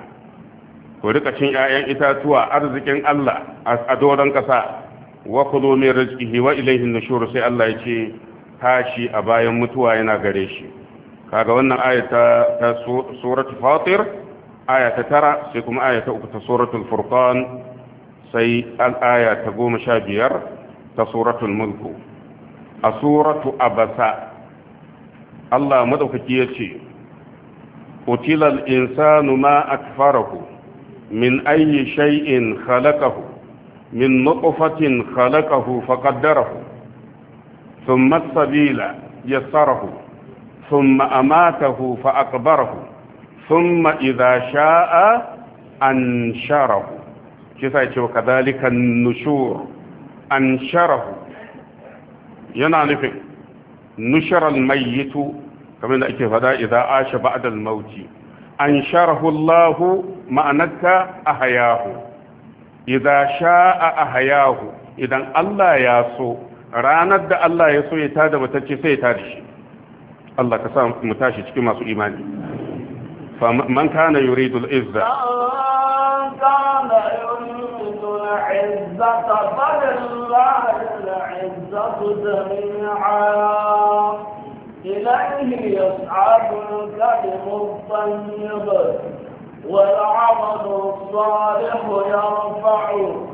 ku rika cin 'ya'yan itatuwa arzikin Allah a doron ƙasa wa kulu min rizqihi wa ilayhi nushur sai Allah ya ce tashi a bayan mutuwa yana gare shi kaga wannan ayata ta suratul fatir ayata tara sai kuma ayata uku ta suratul furqan sai al goma sha biyar. تصورة الملك أصورة أبسا الله مدوك تيتي قتل الإنسان ما أكفره من أي شيء خلقه من نطفة خلقه فقدره ثم السبيل يسره ثم أماته فأكبره ثم إذا شاء أنشره كذلك النشور an sharahu yana nufin nusharal mayyitu kamar da ake fada idan asha ba'dal mauti an sharahu Allah ma'anarta hayahu, idan sha'a a hayahu idan Allah ya so ranar da Allah ya so ya tada batacce sai ya tada shi Allah ka sa mu tashi cikin masu imani fa man kana yuridu al-izza العزة فلله العزة جميعا إليه يصعد الكلم الطيب والعمل الصالح يرفعه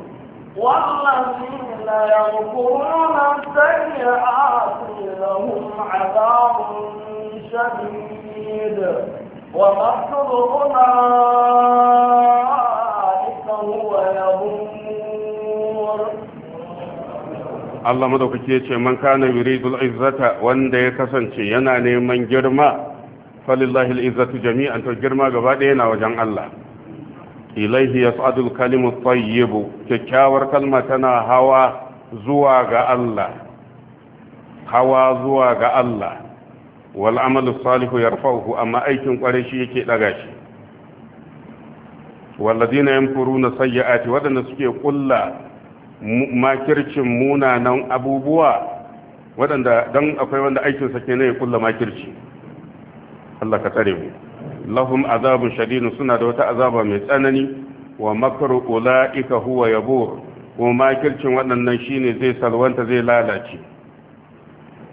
والذين يركون السيئات لهم عذاب شديد ومكر أولئك هو يضر Allah madaukaki ya ce man kana yuridul izzata wanda ya kasance yana neman girma falillahi al-izzatu jami'an to girma gaba ɗaya na wajen Allah ilaihi yas'adul kalimu tayyib kyakkyawar kalma tana hawa zuwa ga Allah hawa zuwa ga Allah wal amalu salihu yarfa'uhu amma aikin kware shi yake daga shi walladina yamkuruna sayyi'ati wadanda suke ƙulla. makircin munanan abubuwa waɗanda don akwai wanda aikinsa ke ne ya kulla makirci Allah ka tsare mu lahum azabun shadidun suna da wata azaba mai tsanani wa makaru ula'ika huwa yabo ko makircin waɗannan shine zai salwanta zai lalace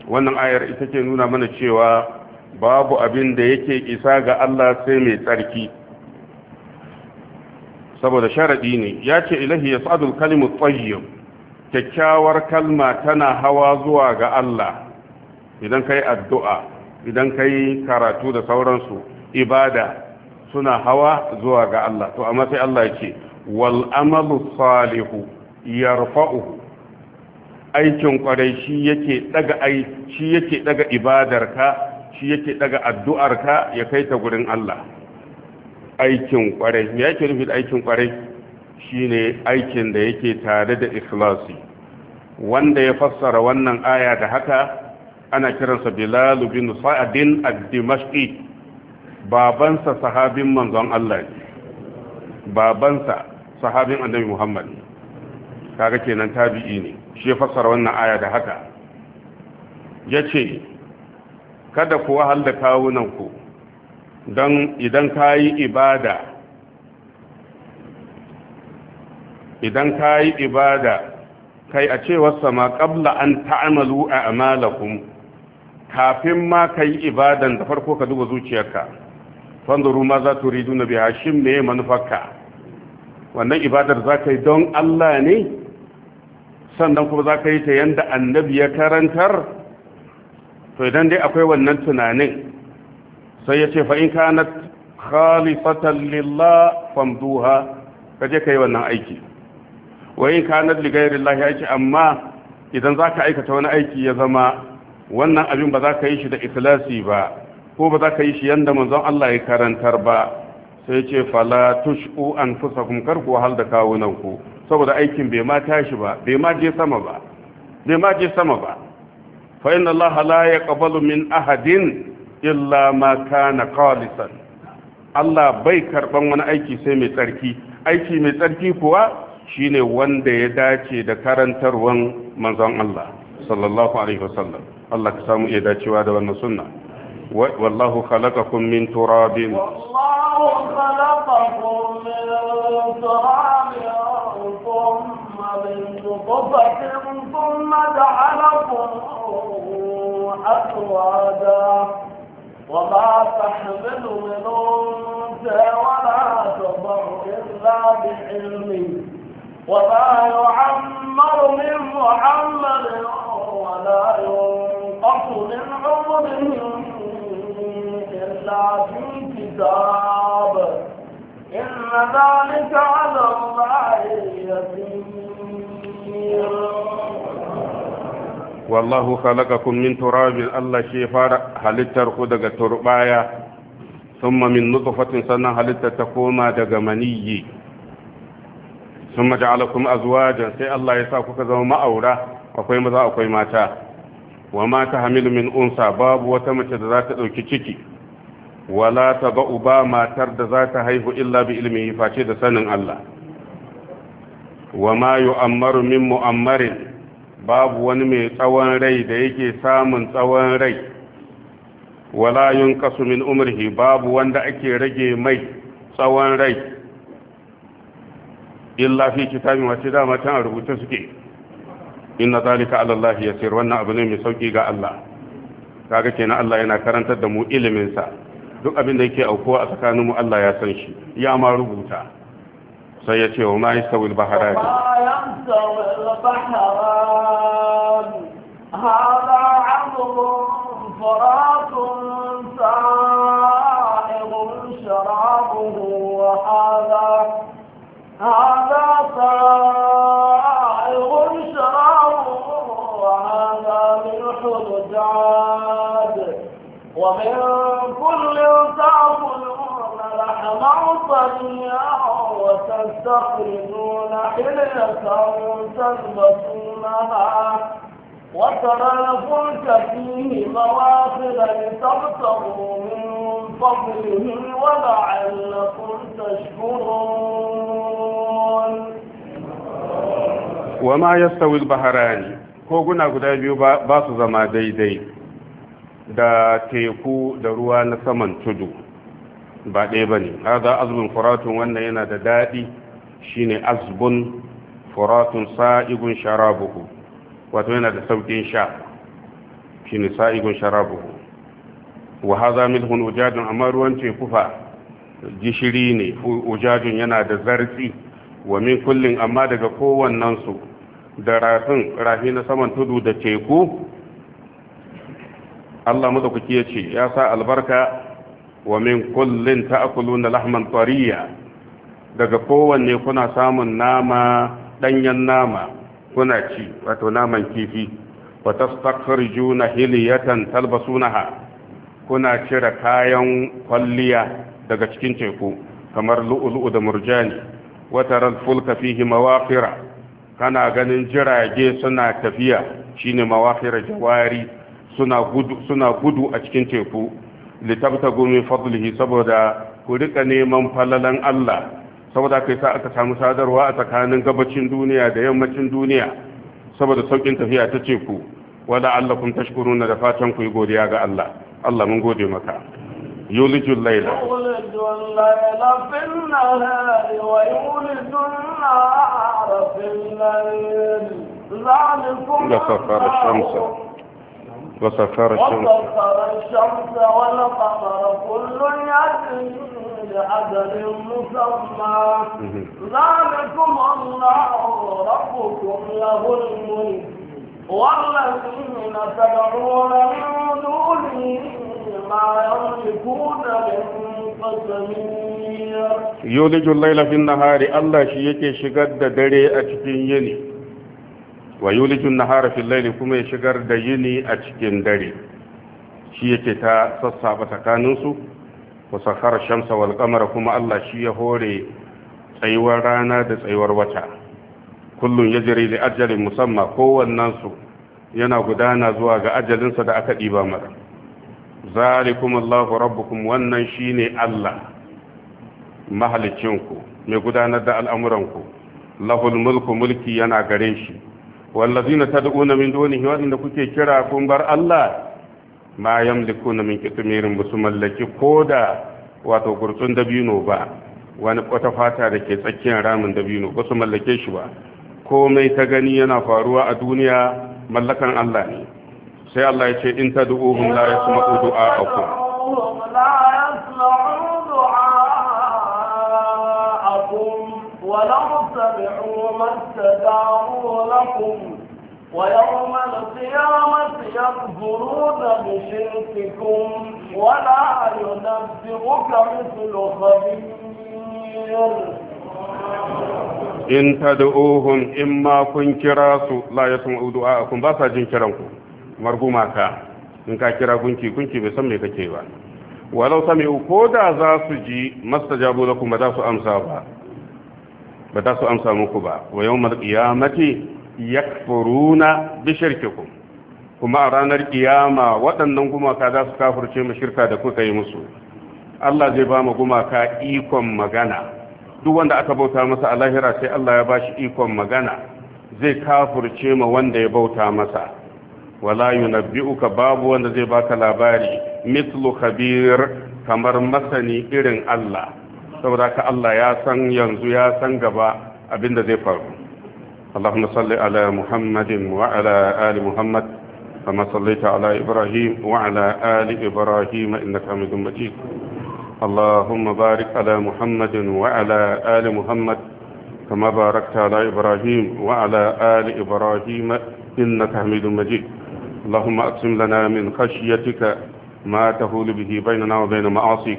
wannan ayar ita ke nuna mana cewa babu abin da yake isa ga Allah sai mai tsarki saboda sharaɗi ne ya ce ilahi ya sa'adul kalimu tsayyib kyakkyawar kalma tana hawa zuwa ga Allah idan yi addu'a idan yi karatu da sauransu ibada suna hawa zuwa ga Allah to amma sai Allah ya ce wal amalu salihu yarfa'uhu aikin kwarai shi yake daga ai shi yake daga ibadarka shi yake daga addu'arka ya kai ta gurin Allah aikin kwarai me ke nufin aikin kwarai shine aikin da yake tare da ikhlasi wanda ya fassara wannan aya da haka ana kiransa bilal bin sa'adin ad-dimashqi babansa sahabin manzon Allah ne. babansa sahabin annabi Muhammad kaga kenan tabi'i ne shi ya fassara wannan aya da haka yace kada ku wahal da kawunan don idan ka yi ibada idan ka yi ibada kai a cewar sama ƙabla an ta'amalu a amalakum kafin ma ka yi ibadan da farko ka duba zuciyarka fanzuru ma za tu ridu na biya shin me manufarka wannan ibadar za ka yi don Allah ne sannan kuma za ka yi ta yanda annabi ya karantar to idan dai akwai wannan tunanin sai ya ce fa in kanat khalifatan lillah famduha kaje yi wannan aiki wa in kanat li ghairillah aiki amma idan zaka aikata wani aiki ya zama wannan abin ba za ka yi shi da ikhlasi ba ko ba za ka yi shi yanda manzon Allah ya karantar ba sai ce fala an anfusakum kar ku hal da kawunanku saboda aikin bai ma tashi ba bai ma je sama ba bai ma je sama ba fa inna Allah la yaqbalu min ahadin illa ma kana khalisan Allah bai karban wani aiki sai mai tsarki aiki mai tsarki kuwa shine wanda ya dace da karantarwan manzon Allah sallallahu alaihi wasallam Allah ka samu iya dacewa da wannan sunna والله خلقكم من تراب والله خلقكم من تراب ثم من نطفة ثم جعلكم أزواجا وما تحمل من أنثى ولا تضر إلا بعلمه وما يعمر من محمد ولا ينقص من عمره إلا في كتاب إن ذلك على الله يسير wallahu khalaqakum min turabin Allah shi fara halittar ku daga turbaya thumma min nutfatin sannan halittar ta koma daga maniyyi thumma ja'alakum azwajan sai Allah ya sa kuka zama ma'aura akwai maza akwai mata wa ma tahmilu min unsa babu wata mace da za ta ɗauki ciki wala ta ba uba matar da za ta haihu illa bi ilmi face da sanin Allah wa ma yu'ammaru min mu'ammarin babu wani mai tsawon rai da yake samun tsawon rai wala yunqasu min umrihi babu wanda ake rage mai tsawon rai illa fi kitabin wace dama can rubuta suke inna zalika ala Allah yasir wannan abu ne mai sauki ga Allah kaga kenan Allah yana karantar da mu ilimin sa duk abin da yake aukuwa a mu Allah ya san shi ya ma rubuta سيأتي وما يستوي البحران وما يستوي البحران هذا عظم فرات سائغ شرابه وهذا هذا سائغ شرابه وهذا من حجاج ومن كل سعب لحم يا طيب. وتستخرجون حلية تلبسونها وترى الفلك فيه مواخر لتبتغوا من فضله ولعلكم تشكرون وما يستوي البحران koguna guda biyu ba su zama daidai da teku da ruwa na saman tudu ba ɗaya ba ne haza azbun furatun wannan yana da daɗi shine azbun furatun sa'igun sharabuhu wato yana da saukin sha shine sa'igun sharabuhu wa haza milhun ujadun amma ruwan teku fa gishiri ne ujadun yana da zartsi wa min kullin amma daga kowannensu da rafin rafi na saman tudu da teku Allah madaukaki ya ce ya sa albarka wa min kullin ta'kuluna lahman tariya daga kowanne kuna samun nama danyen nama kuna ci wato naman kifi wa tastakhrijuna hiliyatan talbasunaha kuna cire kayan kwalliya daga cikin teku kamar lu'ulu'u da murjani wa taral fulka fihi mawaqira kana ganin jirage suna tafiya shine mawaqira jawari suna gudu suna gudu a cikin teku litabtagu min fadlihi saboda ku rika neman falalan Allah saboda kai sa aka samu sadarwa a tsakanin gabacin duniya da yammacin duniya saboda saukin tafiya ta ce ku wala allakum tashkuruna da fatan ku yi godiya ga Allah Allah mun gode maka يولج الليل يولج الليل في النهار ويولج النهار في الليل ذلكم وسخر الشمس وسخر الشمس والقمر كل يجري لأجل مسمى ذلكم الله ربكم له الملك والذين تدعون من دونه ما يملكون من يولج الليل في النهار الله شيكي شقد دري أتكين يلي wa yulijun nahara fil laili kuma ya shigar da yini a cikin dare shi yake ta sassaba tsakanin su wa sakhara shamsa wal qamara kuma Allah shi ya hore tsayuwar rana da tsayuwar wata kullun yajri li ajalin musamma kowannensu yana gudana zuwa ga ajalinsa da aka diba mara zalikum Allahu rabbukum wannan shine Allah mahalicinku mai gudanar da al'amuranku lahul mulku mulki yana gare shi wallazina tad'una min dunihi waɗanda kuke kira kun bar Allah ma yamlikuna min kitmirin busu mallaki koda wato gurtsun dabino ba wani wata fata da ke tsakiyar ramin dabino ba su mallake shi ba komai ta gani yana faruwa a duniya mallakan Allah ne sai Allah ya ce in tad'uhum la yasma'u du'a'akum ولو اتبعوا ما استدعوا لكم ويوم القيامة يكفرون بشرككم ولا ينبئك مثل خبير in in ma kun kira su la yasma'u du'a'akum ba sa jin kiran ku marguma ka in ka kira gunki gunki bai san me kake ba walau sami'u ko da za su ji mastajabu lakum ba za su amsa ba ba ta su amsa muku ba wa yawmal kiyamati yakfuruna bi shirkikum kuma a ranar kiyama waɗannan gumaka za su kafurce mu shirka da kuka yi musu Allah zai ba mu gumaka ikon magana duk wanda aka bauta masa a lahira sai Allah ya bashi ikon magana zai kafurce ma wanda ya bauta masa wala yunabbi'uka babu wanda zai baka labari mithlu khabir kamar masani irin Allah saboda ka Allah ya san yanzu ya san gaba abinda zai faru Allahumma salli ala Muhammadin wa ala ali Muhammad kama sallaita ala Ibrahim wa ala ali Ibrahim innaka Hamidum Majid Allahumma barik ala Muhammadin wa ala ali Muhammad kama barakta ala Ibrahim wa ala ali Ibrahim innaka Hamidum Majid اللهم أقسم لنا من ma ما تهول به بيننا وبين معاصيك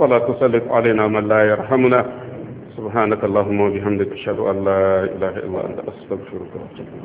ولا تسلط علينا من لا يرحمنا سبحانك اللهم وبحمدك أشهد أن لا إله إلا أنت أستغفرك وأتوب